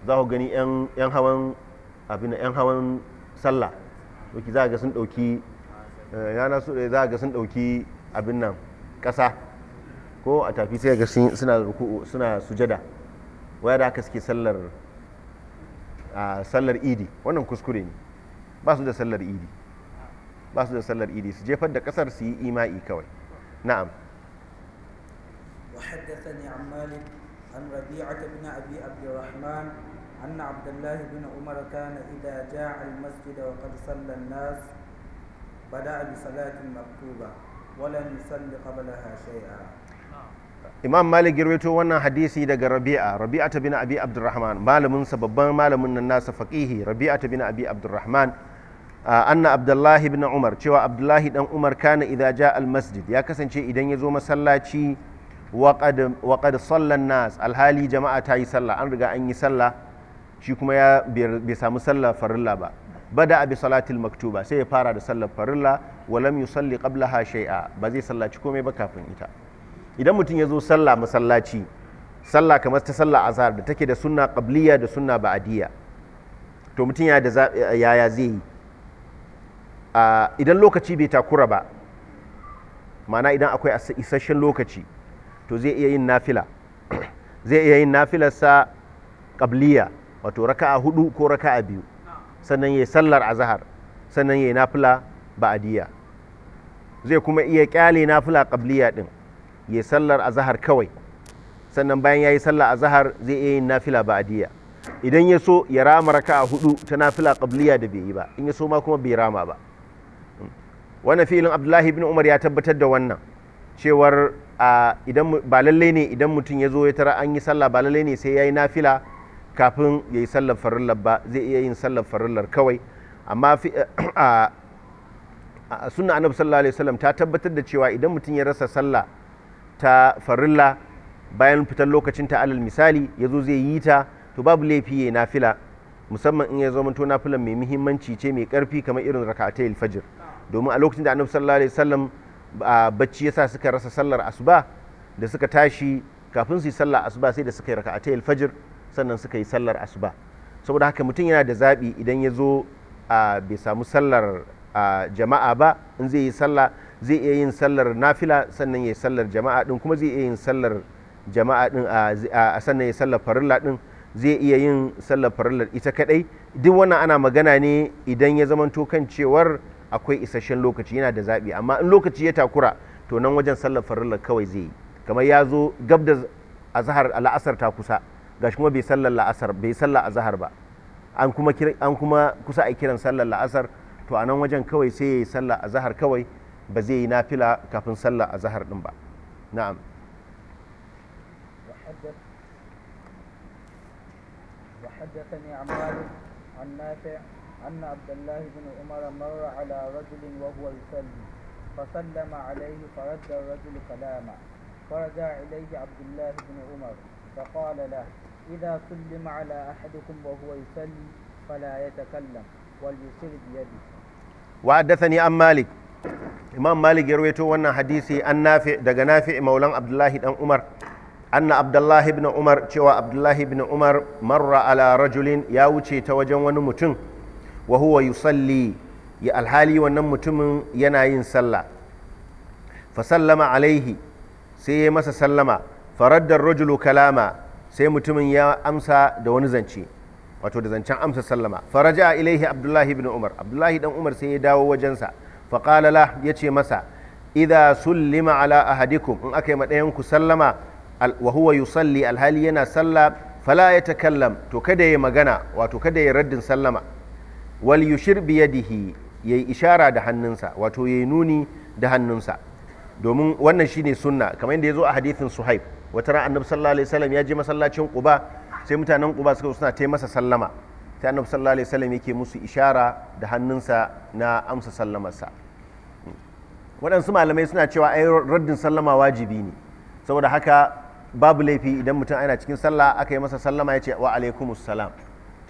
za ku gani 'yan hawan abin 'yan hawan sallah doki za ga sun dauki yana eh, su za ga sun ɗauki abin nan ƙasa ko a tafi sai ga suna ruku'u suna sujada waya da haka suke sallar sallar idi wannan kuskure ne ba su da sallar idi ba su da sallar idi su jefar da ƙasar su yi ima'i kawai na'am وحدثني عن مالك عن ربيعة بن أبي عبد الرحمن أن عبد الله بن عمر كان إذا جاء المسجد وقد صلى الناس بدأ بصلاة مكتوبة ولم قبلها شيئا Imam Malik girwato wannan hadisi daga Rabi'a, Rabi'a ta bin Abi Abdurrahman, malamin sa babban malamin nan nasa faqihi, Rabi'a ta bin Abi Abdurrahman, anna Abdullahi bin Umar, cewa Abdullahi dan Umar kana idza ja al-masjid, ya kasance idan ya zo masallaci waƙad sallan nas alhali jama'a ta yi sallah an riga an yi sallah shi kuma ya bai samu sallah farilla ba bada abi salatil maktuba sai ya fara da sallar farilla walam yusalli qablaha shay'a ba zai sallaci komai ba kafin ita idan mutum ya zo sallah masallaci sallah kamar ta sallah azhar da take da sunna qabliya da sunna ba'diya to mutum ya da yaya zai yi idan lokaci bai takura ba mana idan akwai isasshen lokaci wato zai iya yin nafila [CLEARS THROAT] zai iya yin nafilarsa qabliya wato raka'a hudu ko raka'a biyu sannan yayi sallar azhar sannan yayi nafila ba'diya zai kuma iya kyale nafila qabliya din yayi sallar azhar kawai sannan bayan yayi sallar azhar zai iya yin nafila ba'diya idan ya so ya rama raka'a hudu ta nafila qabliya da bai yi ba in ya so ma kuma bai rama ba hmm. wannan filin abdullahi ibn umar ya tabbatar da wannan cewar ba lallai ne idan mutum ya zo ya tara an yi sallah ba lalle ne sai ya yi nafila kafin ya yi sallar farillar ba zai iya yin sallar farillar kawai amma eh, [CLEARS THROAT] a sunna annabi sallallahu alaihi wasallam ta tabbatar da cewa idan mutum ya rasa sallah ta farilla bayan fitar lokacin ta alal misali ya zo zai yi ta to babu laifi ya nafila musamman in ya zama to nafilan mai muhimmanci ce mai karfi kamar irin raka'atai alfajir domin a lokacin da annabi sallallahu alaihi wasallam A bacci yasa suka rasa sallar asuba da suka tashi kafin su yi sallar asuba sai da suka yi raka'atai alfajir sannan suka yi sallar asuba saboda haka mutum yana da zaɓi idan ya zo bai samu sallar jama'a ba in zai yi sallah zai iya yin sallar nafila sannan ya yi sallar jama'a din kuma zai iya yin sallar jama'a din a sannan ya sallar farilla din zai iya yin sallar farillar ita kadai duk wannan ana magana ne idan ya zamanto kan cewar akwai isasshen lokaci yana da zaɓi amma in lokaci ya takura to nan wajen sallar farilla kawai zai yi kamar ya zo gab da azahar al'asar ta kusa gashi kuma bai sallar la'asar bai sallar azahar ba an kuma an kuma kusa a kiran sallar la'asar to a nan wajen kawai sai ya yi sallar azahar kawai ba zai yi nafila kafin sallar azahar din ba na'am وحدثني عن مالك عن نافع أن عبد الله بن عمر مر على رجل وهو يصلي فسلم عليه فرد الرجل كلامه فرجع إليه عبد الله بن عمر فقال له إذا سلم على أحدكم وهو يصلي فلا يتكلم وليسر بيده وحدثني عن مالك imam malik ya rawaito wannan hadisi an nafi daga nafi maulan abdullahi dan umar anna abdullahi ibn umar cewa abdullahi ibn umar marra ala rajulin ya wuce ta wajen wani mutum wa huwa yusalli ya alhali wannan mutumin yana yin sallah fa sallama alaihi sai ya masa sallama faraddar rajulu kalama sai mutumin ya amsa da wani zance wato da zancen amsa sallama faraja ilaihi abdullahi ibn umar abdullahi dan umar sai ya dawo wajensa fa qala la yace masa idza sullima ala ahadikum in aka yi ma ɗayan ku sallama wa huwa yusalli alhali yana sallah fala ya kallam to kada ya magana wato kada ya raddin sallama wal yushir biyadihi ya yi ishara da hannunsa wato ya yi nuni da hannunsa domin wannan shine sunna kamar yadda ya zo a hadithin suhaib wata ran annabi sallallahu alaihi wasallam ya je masallacin quba sai mutanen quba suka suna ta masa sallama sai annabi sallallahu alaihi wasallam yake musu ishara da hannunsa na amsa sallamarsa waɗansu malamai suna cewa ai raddin sallama wajibi ne saboda haka babu laifi idan mutum ana cikin sallah aka yi masa sallama ya ce wa alaikumus salam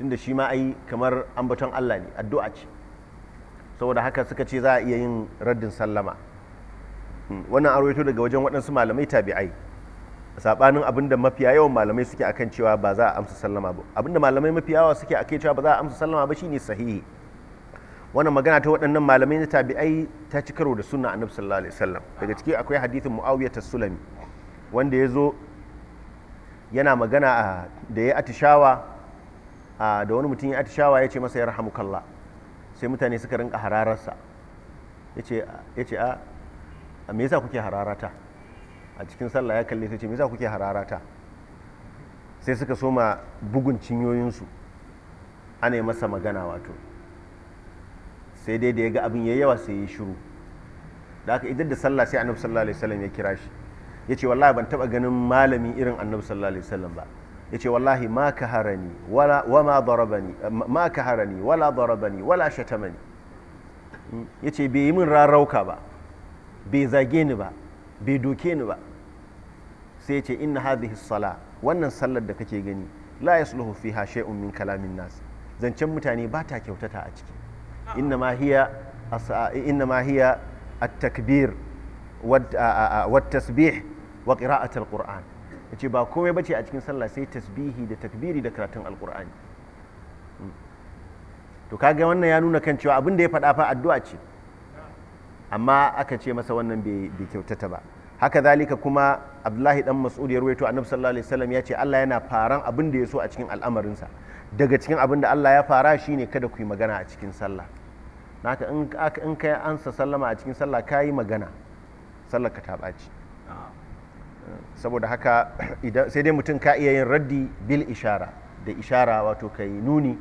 tunda shi ma ai kamar ambaton Allah ne addu'a ce saboda haka suka ce za a iya yin raddin sallama hmm, wannan an daga wajen waɗansu malamai tabi'ai sabanin abinda mafiya yawan malamai suke akan cewa ba za a amsa sallama ba abinda malamai mafiya yawa suke akai cewa ba za a amsa sallama ba shine sahihi wannan magana ta waɗannan malamai na tabi'ai ta ci karo da sunna annabi sallallahu alaihi wasallam daga ciki akwai hadithin muawiya sulami wanda ya zo yana magana da ya atishawa da wani mutum ya atishawa ya ce masa ya rahamu kalla sai mutane suka rinka harararsa ya ce a me yasa kuke hararata a cikin sallah ya kalle sai ce me yasa kuke hararata sai suka soma bugun cinyoyinsu ana yi masa magana wato sai dai da ya ga abin ya yawa sai ya shiru da aka idar da sallah sai annabi sallallahu alaihi wasallam ya kira shi ya ce wallahi ban taba ganin malami irin annabi sallallahu alaihi wasallam ba yace wallahi ma ka wala wama ma wala darabani wala shatamani hmm? yace bai yi min rarauka ba bai zage ni ba bai doke ni ba sai yace inna hadhihi sala wannan sallar da kake gani la yasluhu fiha shay'un min kalamin nas zancen mutane ba ta kyautata a ciki inna ma hiya inna ma hiya at-takbir wat tasbih wa qira'atul qur'an ya ce ba komai bace a cikin sallah sai tasbihi da takbiri da karatun alkur'ani to kaga wannan ya nuna kan cewa abin da ya faɗa fa addu'a ce amma aka ce masa wannan bai kyautata ba haka zalika kuma abdullahi dan mas'ud ya ruwaito annabi sallallahu alaihi wasallam ya ce Allah yana faran abin da ya so a cikin al'amarinsa daga cikin abin da Allah ya fara shine kada ku yi magana a cikin sallah naka in ka ansa sallama a cikin sallah ka magana sallar ka ta ɓaci saboda haka sai dai mutum ka iya yin raddi bil ishara da ishara wato ka yi nuni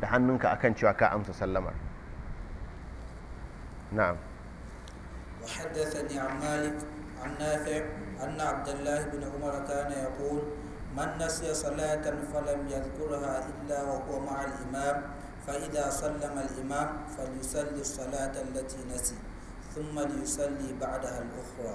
da hannunka akan cewa ka amsa sallamar na'am وحدثني عن مالك عن نافع أن عبد الله بن عمر كان يقول من نسي صلاة فلم يذكرها إلا وهو مع الإمام فإذا سلم الإمام فليصلي الصلاة التي نسي ثم ليصلي بعدها الأخرى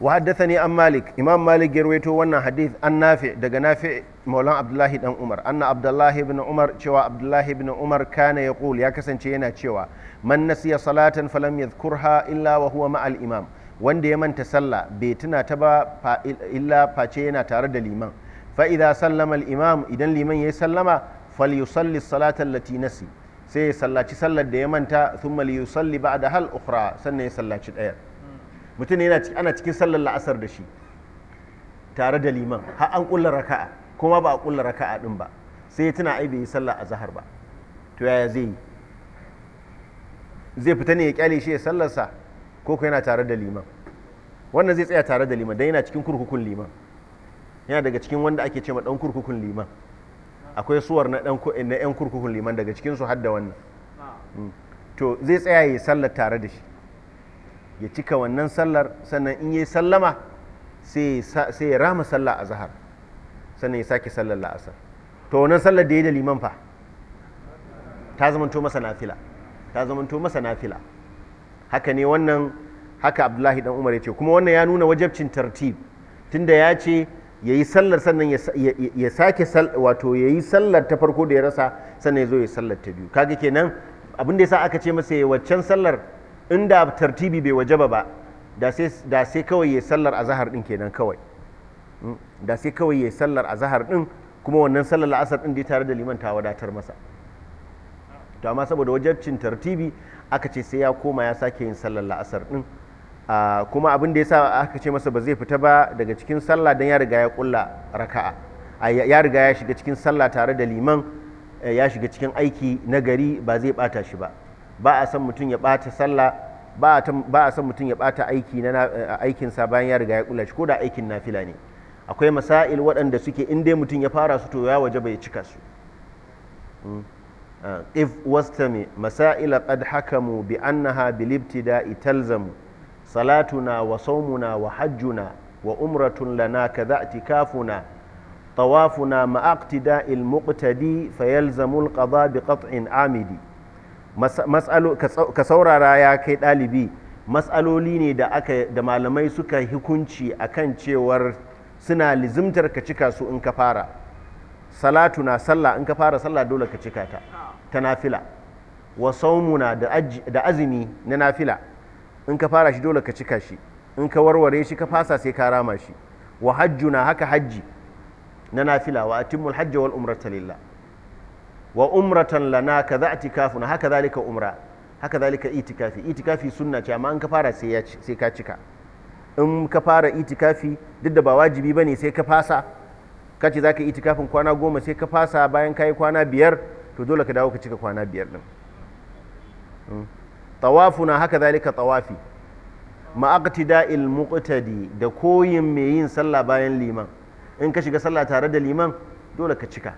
wa ne an malik imam malik ya rawaito wannan hadith an nafi daga nafi maulan abdullahi dan umar anna abdullahi ibn umar cewa abdullahi ibn umar kana yaqul ya kasance yana cewa man nasiya salatan falam yadhkurha illa wa huwa ma'al imam wanda ya manta sallah bai tuna ta ba illa face yana tare da liman fa'ida idza sallama al imam idan liman yayi sallama falyusalli salata allati nasi sai ya sallaci sallar da ya manta salli liyusalli da hal ukhra sannan ya sallaci daya mutum yana ana cikin sallar la'asar da shi tare da liman ha an kulla raka'a kuma ba a kulla raka'a din ba sai ya tuna ai bai yi sallar azhar ba to yaya zai yi zai fita ne ya kyale shi ya sa ko ko yana tare da liman wannan zai tsaya tare da liman dan yana cikin kurkukun liman yana daga cikin wanda ake ce ma dan kurkukun liman akwai suwar na dan yan kurkukun liman daga cikin su har da wannan mm. to zai tsaya ya sallar tare da shi ya cika wannan sallar sannan in yi sallama sai ya rama sallah a zahar sannan ya sake sallar la'asar to wannan sallar da ya da liman fa ta zamanto masa nafila ta zamanto masa nafila haka ne wannan haka abdullahi dan umar ya ce kuma wannan ya nuna wajabcin tartib tunda ya ce ya yi sallar sannan ya sake wato ya yi sallar ta farko da ya rasa sannan ya zo ya sallar ta biyu kaga kenan abin da ya sa aka ce masa ya waccan sallar inda tartibi bai waje ba da sai kawai ya sallar azahar din kenan kawai hmm? da sai kawai ya sallar azahar din kuma wannan sallar la'asar din da tare da liman ta wadatar masa to amma saboda wajabcin tartibi aka ce sai ya koma ya sake yin sallar la'asar din ah, kuma abin da ya sa aka ce masa ba zai fita ba daga cikin sallah don ya riga ya kulla raka'a ah, ya riga ya shiga cikin sallah tare da liman eh, ya shiga cikin aiki na gari ba zai bata shi ba ba a san mutum ya ɓata sallah ba a san mutum ya ɓata aiki na eh, aikinsa bayan ya riga ya kula shi ko da aikin nafila ne akwai masail waɗanda suke in dai mutum ya fara su to ya waje bai cika su hmm. eh, if wastami masaila qad hakamu bi annaha bil ibtida'i talzamu salatuna wa sawmuna wa hajjuna wa umratun lana kadha itikafuna طوافنا مع اقتداء المقتدي فيلزم bi بقطع amidi ka saurara ya kai ɗalibi matsaloli ne da aka da malamai suka hukunci akan cewar suna lizimtar ka cika su in ka fara salatu na sallah in ka fara sallah dole ka cika ta ta nafila wa saumuna da azumi na nafila in ka fara shi dole ka cika shi in ka warware shi ka fasa sai ka rama shi wa hajju na haka hajji na nafila wa atimul hajji wal umrata lillah wa umratan lana kaza atikafun haka zalika umra haka zalika itikafi itikafi sunna ce amma an ka fara sai ka cika in ka fara itikafi duk da ba wajibi bane sai ka fasa ka ce zaka itikafin kwana goma sai ka fasa bayan kayi kwana biyar to dole ka dawo ka cika kwana biyar din hmm. tawafuna haka zalika tawafi ma'aqtida'il muqtadi da koyin mai yin sallah bayan liman in ka shiga sallah tare da liman dole ka cika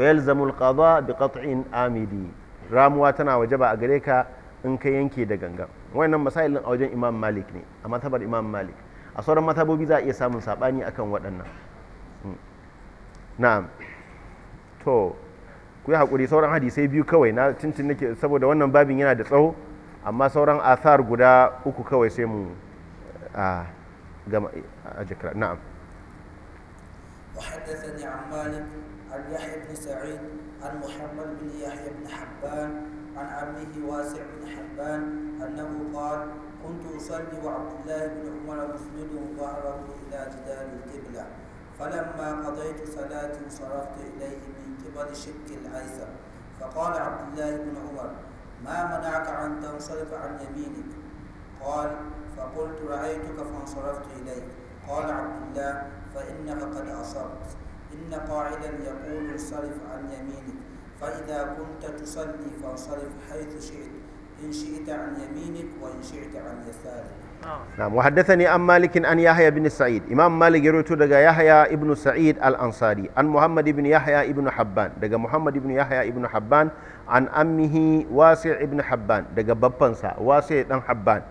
fa alqada bi amidi ramuwa tana wajaba a gare ka in ka yanke da gangan wannan masailin a wajen imam malik ne a matabar imam malik a sauran matabobi za a iya samun sabani akan waɗannan na'am to ku yi hakuri sauran hadisi biyu kawai na tuntun nake saboda wannan babin yana da tsawo amma sauran athar guda uku kawai sai mu a gama a jikra na'am عن يحيى بن سعيد عن محمد بن يحيى بن حبان عن عمه واسع بن حبان أنه قال كنت أصلي وعبد الله بن عمر مسند ظهره إلى جدار القبلة فلما قضيت صلاتي انصرفت إليه من قبل شك الأيسر فقال عبد الله بن عمر ما منعك أن تنصرف عن يمينك قال فقلت رأيتك فانصرفت إليك قال عبد الله فإنك قد أصبت إن قاعدا يقول انصرف عن يمينك فإذا كنت تصلي فانصرف حيث شئت إن شئت عن يمينك وإن شئت عن يسارك نعم وحدثني عن مالك عن يحيى بن سعيد امام مالك يروي دغا يحيى ابن سعيد الانصاري عن محمد بن يحيى ابن حبان دغا محمد بن يحيى ابن حبان عن امه واسع ابن حبان دغا بابانسا واسع دان حبان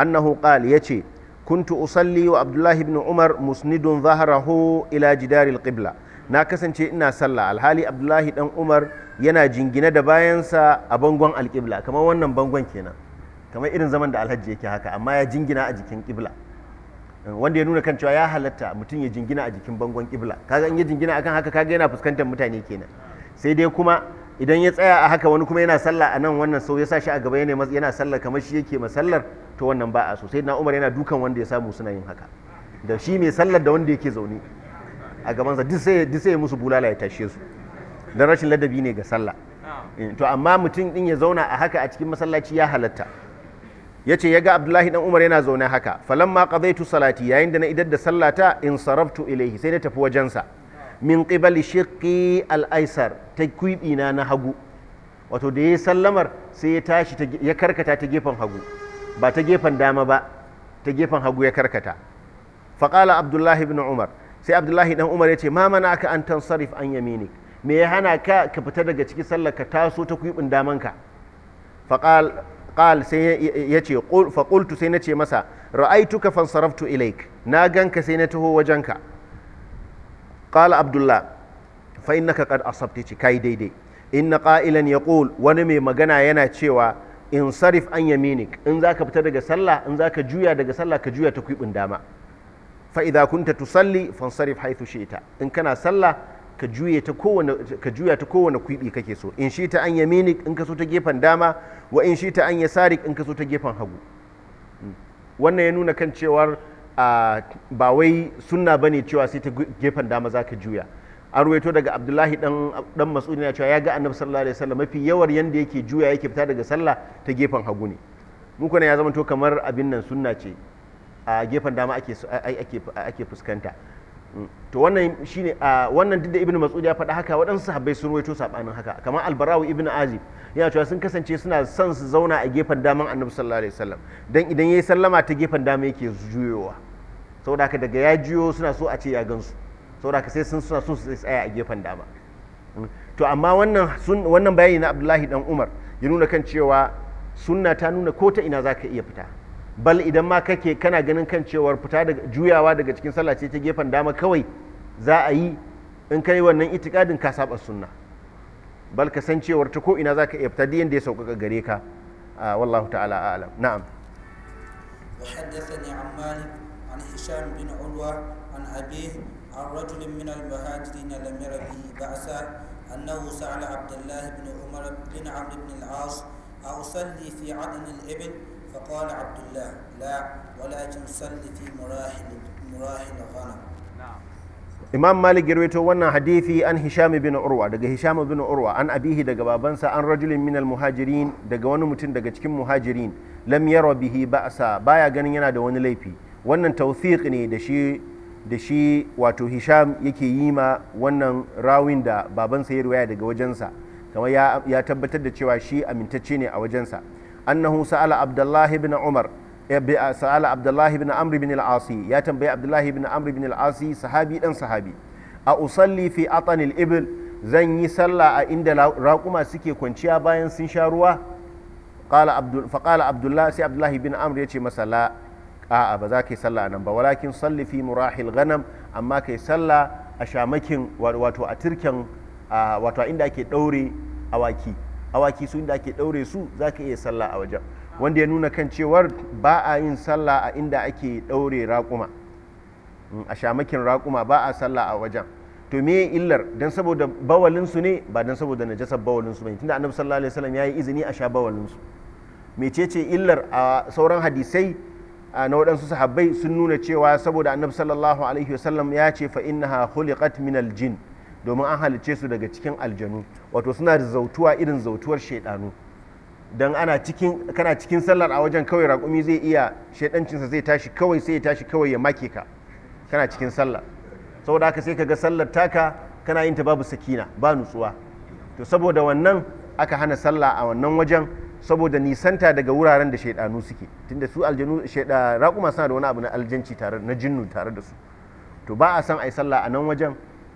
انه قال يجي kuntu usalli wa abdullahi ibn umar musnidun zaharahu ila jidaril qibla na kasance ina sallah alhali abdullahi dan umar yana jingina da bayansa a bangon alƙibla kamar wannan bangon kenan kamar irin zaman da alhaji yake haka amma ya jingina a jikin ƙibla wanda ya nuna kan cewa ya halatta mutum ya jingina a jikin bangon ƙibla kaga in ya jingina akan haka kaga yana fuskantar mutane kenan sai dai kuma idan ya tsaya a haka wani kuma yana sallah a nan wannan sau ya sa shi a gaba yana yana sallah kamar shi yake masallar to wannan ba a so sai na umar yana dukan wanda ya samu suna yin haka da shi mai sallar da wanda yake zaune a gabansa duk sai ya musu bulala ya tashe su don rashin ladabi ne ga sallah eh, to amma mutum din ya zauna a haka a cikin masallaci ya halatta ya ce ya ga abdullahi dan umar yana zaune haka falamma qadaitu salati yayin da na idar da sallata in saraftu ilaihi sai na tafi wajensa min qibali shiqqi al-aisar ta kuibina na hagu wato da ya sallamar sai ya tashi ya karkata ta gefen hagu ba ta gefen dama ba ta gefen hagu ya karkata faqala abdullahi ibn umar sai abdullahi dan umar ya ce ma mana aka an tansarif an yaminik me ya hana ka ka fita daga ciki sallar ka taso ta kuibin damanka faqal qal sai ya ce fa qultu sai na ce masa ra'aituka fansaraftu ilaik na ganka sai na taho wajenka qala abdullah fa innaka qad asabta ci kai daidai inna qa'ilan yaqul wani mai magana yana cewa in sarif an yaminik in zaka fita daga sallah in zaka juya daga sallah ka juya ta kwibin dama fa idza kunta tusalli fansarif haythu shi'ta in kana sallah ka juya ta kowane ka juya ta kake so in shi ta an yaminik in ka ta gefen dama wa in shi ta an yasarik in ka ta gefen hagu hmm. wannan ya nuna kan cewar ba wai sunna bane cewa sai ta gefen dama za ka juya an ruwaito daga abdullahi dan mas'ud yana cewa ya ga annabi sallallahu alaihi wasallam mafi yawar yanda yake juya yake fita daga sallah ta gefen hagu ne mu kuma ya zama to kamar abin nan sunna ce a gefen dama ake ake fuskanta to wannan shine wannan duk da ibnu mas'ud ya faɗa haka waɗansu sahabbai sun ruwaito sabanin haka kamar albarawi ibnu azib yana cewa sun kasance suna son su zauna a gefen daman annabi sallallahu alaihi wasallam dan idan yayi sallama ta gefen dama yake juyowa saboda haka daga ya juyo suna so a ce ya gansu saboda haka sai sun suna so su tsaya a gefen dama to amma wannan wannan bayani na abdullahi dan umar ya nuna kan cewa sunna ta nuna ko ta ina zaka iya fita bal idan ma kake kana ganin kan cewar fita da juyawa daga cikin sallah ce ta gefen dama kawai za a yi in kai wannan itikadin ka saba sunna bal ka san cewar ta ko ina ka iya fita da yanda ya sauƙaƙa gare ka wallahu ta'ala a'lam na'am وحدثني عن مالك عن هشام بن an عن أبيه عن رجل من المهاجرين لم ير به بأسا أنه سأل عبد bin بن عمر بن عمرو بن العاص أصلي في عدن الإبل فقال imam malik ya rawaito wannan hadithi an hisham bin urwa daga hisham bin urwa an abihi daga babansa an rajulin min al muhajirin daga wani mutum daga cikin muhajirin lam yara bihi ba'sa baya ganin yana da wani laifi wannan tawthiq ne da shi wato hisham yake yi ma wannan rawin da babansa ya riwaya daga wajensa kama ya tabbatar da cewa shi amintacce ne a wajensa annahu sa'ala abdullahi ibn umar sa'ala abdullahi ibn amr ibn al-asi ya tambayi abdullahi ibn amr ibn al-asi sahabi dan sahabi a usalli fi atanil ibil zan yi sallah a inda raƙuma suke kwanciya bayan sun sha ruwa faƙala abdullahi sai abdullahi bin amr ya ce masa la a'a ba za ka yi sallah nan ba walakin salli fi murahil ganam amma ka yi sallah a shamakin wato a inda ake ɗaure awaki awaki su inda ake ɗaure su za ka iya sallah a wajen wanda ya nuna kan cewar ba a yin sallah a inda ake ɗaure raƙuma mm, a shamakin raƙuma ba a sallah a wajen to me illar don saboda bawalinsu ne ba don saboda najasar bawalinsu bane tunda annabi sallallahu alaihi wasallam ya yi izini a sha bawalinsu mecece illar a sauran hadisai na waɗansu sahabbai sun nuna cewa saboda annabi sallallahu alaihi wasallam ya ce fa innaha khuliqat min al-jinn domin an halicce su daga cikin aljanu wato suna da zautuwa irin zautuwar shaidanu don ana cikin kana cikin sallar a wajen kawai raƙumi zai iya shaidancinsa zai tashi kawai sai ya tashi kawai ya make ka kana cikin sallar saboda haka sai ka ga sallar taka kana yin ta babu sakina ba nutsuwa to saboda wannan aka hana sallah a wannan wajen saboda nisanta daga wuraren da shaidanu suke tunda su aljanu shaida raƙuma suna da wani abu na aljanci tare na jinnu tare da su to ba a san ai sallah a nan wajen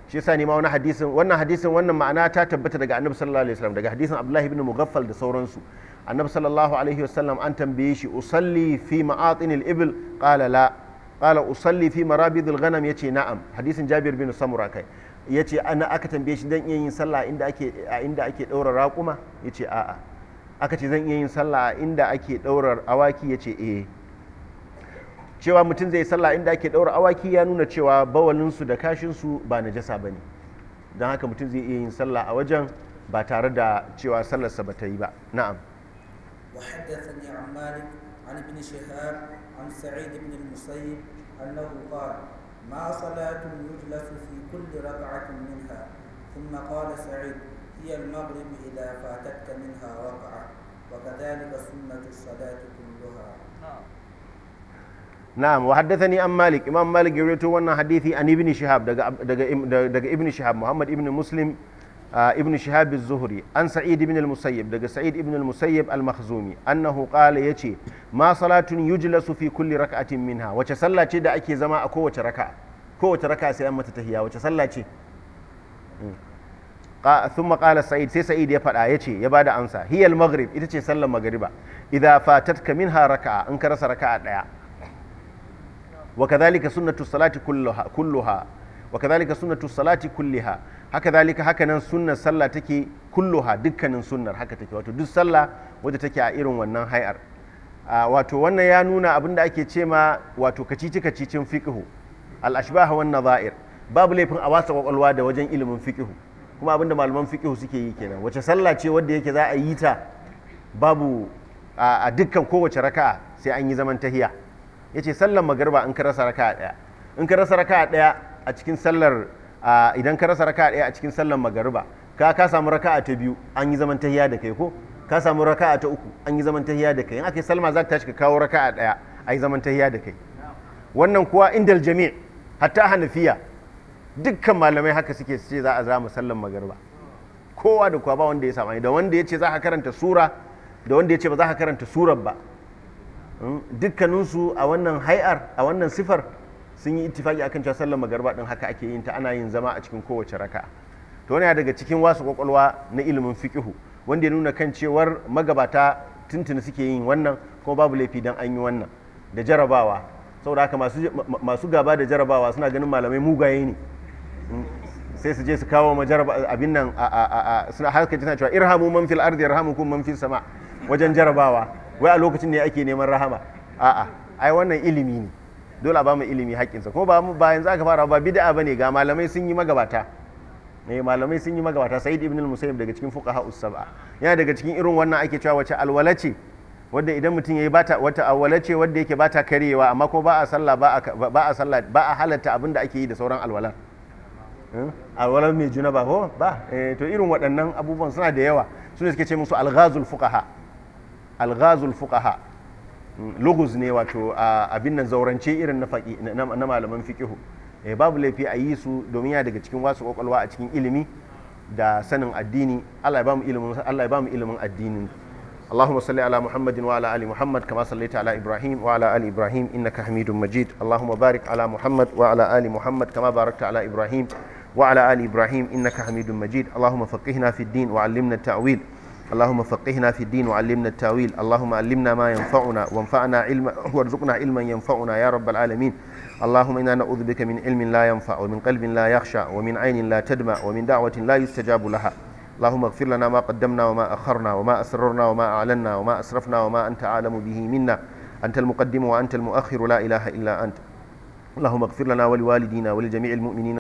shi yasa nema wani hadisin wannan hadisin wannan ma'ana ta tabbata daga annabi sallallahu alaihi wasallam daga hadisin abdullahi ibn mughaffal da sauransu annabi sallallahu alaihi wasallam an tambaye shi usalli fi al ibil qala la qala usalli fi al ghanam yace na'am hadisin jabir bin samura kai yace ana aka tambaye shi dan iya yin sallah inda ake inda ake daura raquma yace a'a aka ce zan iya yin sallah inda ake daura awaki yace eh cewa mutum zai sallah inda ake ɗaura awaki ya nuna cewa bawalinsu da kashinsu ba na jasa ba ne don haka mutum zai iya yin sallah a wajen ba tare da cewa sallarsa ba ta yi ba na'am ما صلاة يجلس في كل ركعة منها ثم قال سعيد هي المغرب إذا فاتتك منها ركعة وكذلك سنة الصلاة كلها na'am wa ni an malik imam malik ya wannan hadisi an ibn shihab daga daga daga ibn shihab muhammad ibn muslim uh, ibn shihab az an sa'id ibn al daga sa'id ibn al-musayyib al-makhzumi annahu qala yace ma salatun yujlasu fi kulli rak'atin minha wace sallah da ake zama a kowace raka'a sai an mata wace ce ثم قال سعيد سي سعيد ya faɗa yace ya bada amsa hiyal maghrib ita ce sallar magriba idza fatatka minha raka'a in ka rasa raka'a daya وكذلك سنة الصلاة كلها كلها وكذلك سنة الصلاة كلها هكذلك هكذا سنة صلاة تكي كلها دكان سنة هكذا wato wannan ya nuna abin da ake ce ma wato kacici-kacicin fiƙihu al'ashbaha wannan za'ir babu laifin a wasa kwakwalwa da wajen ilimin fiƙihu kuma abin da malaman fiƙihu suke yi kenan wace sallah ce wanda yake za yi ta babu a dukkan kowace raka'a sai an yi zaman tahiya yace sallar magariba in ka rasa raka'a daya in ka rasa raka'a ɗaya a cikin sallar idan ka rasa raka'a daya a cikin sallar magariba ka ka samu raka'a ta biyu an yi zaman tahiya da kai ko ka samu raka'a ta uku an yi zaman tahiya da kai in aka yi salma za ta tashi ka kawo raka'a daya a yi zaman tahiya da kai wannan kuwa indal jami' hatta hanafiya dukkan malamai haka suke su ce za a zama sallar magariba kowa da kowa ba wanda ya samu da wanda ya ce za ka karanta sura da wanda ya ce ba za ka karanta surar ba dukkaninsu a wannan hai'ar a wannan sifar sun yi ittifaki akan cewa sallar magarba din haka ake yin ta ana yin zama a cikin kowace raka to wani daga cikin wasu kwakwalwa na ilimin fiqihu wanda ya nuna kan cewar magabata tuntuni suke yin wannan kuma babu laifi dan an yi wannan da jarabawa saboda haka masu gaba da jarabawa suna ganin malamai mugaye ne mm, sai su je su kawo ma jaraba abin nan a a a suna haka suna cewa irhamu man fil ardi irhamukum man fis sama wajen jarabawa wai a lokacin ne ake neman rahama a'a ai wannan ilimi ne dole a ba mu ilimi haƙƙinsa kuma ba ba yanzu aka fara ba bid'a bane ga malamai sun yi magabata eh malamai sun yi magabata sa'id ibn al-musayyib daga cikin fuqaha us-sab'a yana daga cikin irin wannan ake cewa wace alwalace wanda idan mutum yayi bata wata alwalace wanda yake bata karewa amma ko ba a sallah ba a ba a sallah ba a halatta abin da ake yi da sauran alwalan hmm? alwalan mai juna ba ko ba eh, to irin waɗannan abubuwan suna da yawa sune suke ce musu alghazul fuqaha alghazul fuqaha hmm, lugus ne wato abin nan zaurance irin na malaman fiqihu eh, babu laifi a yi su domin ya daga cikin wasu kwakwalwa a cikin ilimi da sanin addini Allah ya bamu ilimin Allah ya bamu ilimin addinin اللهم صل على محمد وعلى ال محمد كما صليت على ابراهيم وعلى ال ابراهيم انك حميد مجيد اللهم بارك على محمد وعلى ال محمد كما باركت على ابراهيم وعلى ال ابراهيم انك حميد مجيد اللهم فقهنا في الدين وعلمنا التاويل اللهم فقهنا في الدين وعلمنا التاويل اللهم علمنا ما ينفعنا وانفعنا علما وارزقنا علما ينفعنا يا رب العالمين اللهم انا نعوذ بك من علم لا ينفع ومن قلب لا يخشى ومن عين لا تدمع ومن دعوه لا يستجاب لها اللهم اغفر لنا ما قدمنا وما أخرنا وما أسررنا وما أعلنا وما أسرفنا وما أنت أعلم به منا أنت المقدم وأنت المؤخر لا إله إلا أنت اللهم اغفر لنا ولوالدينا ولجميع المؤمنين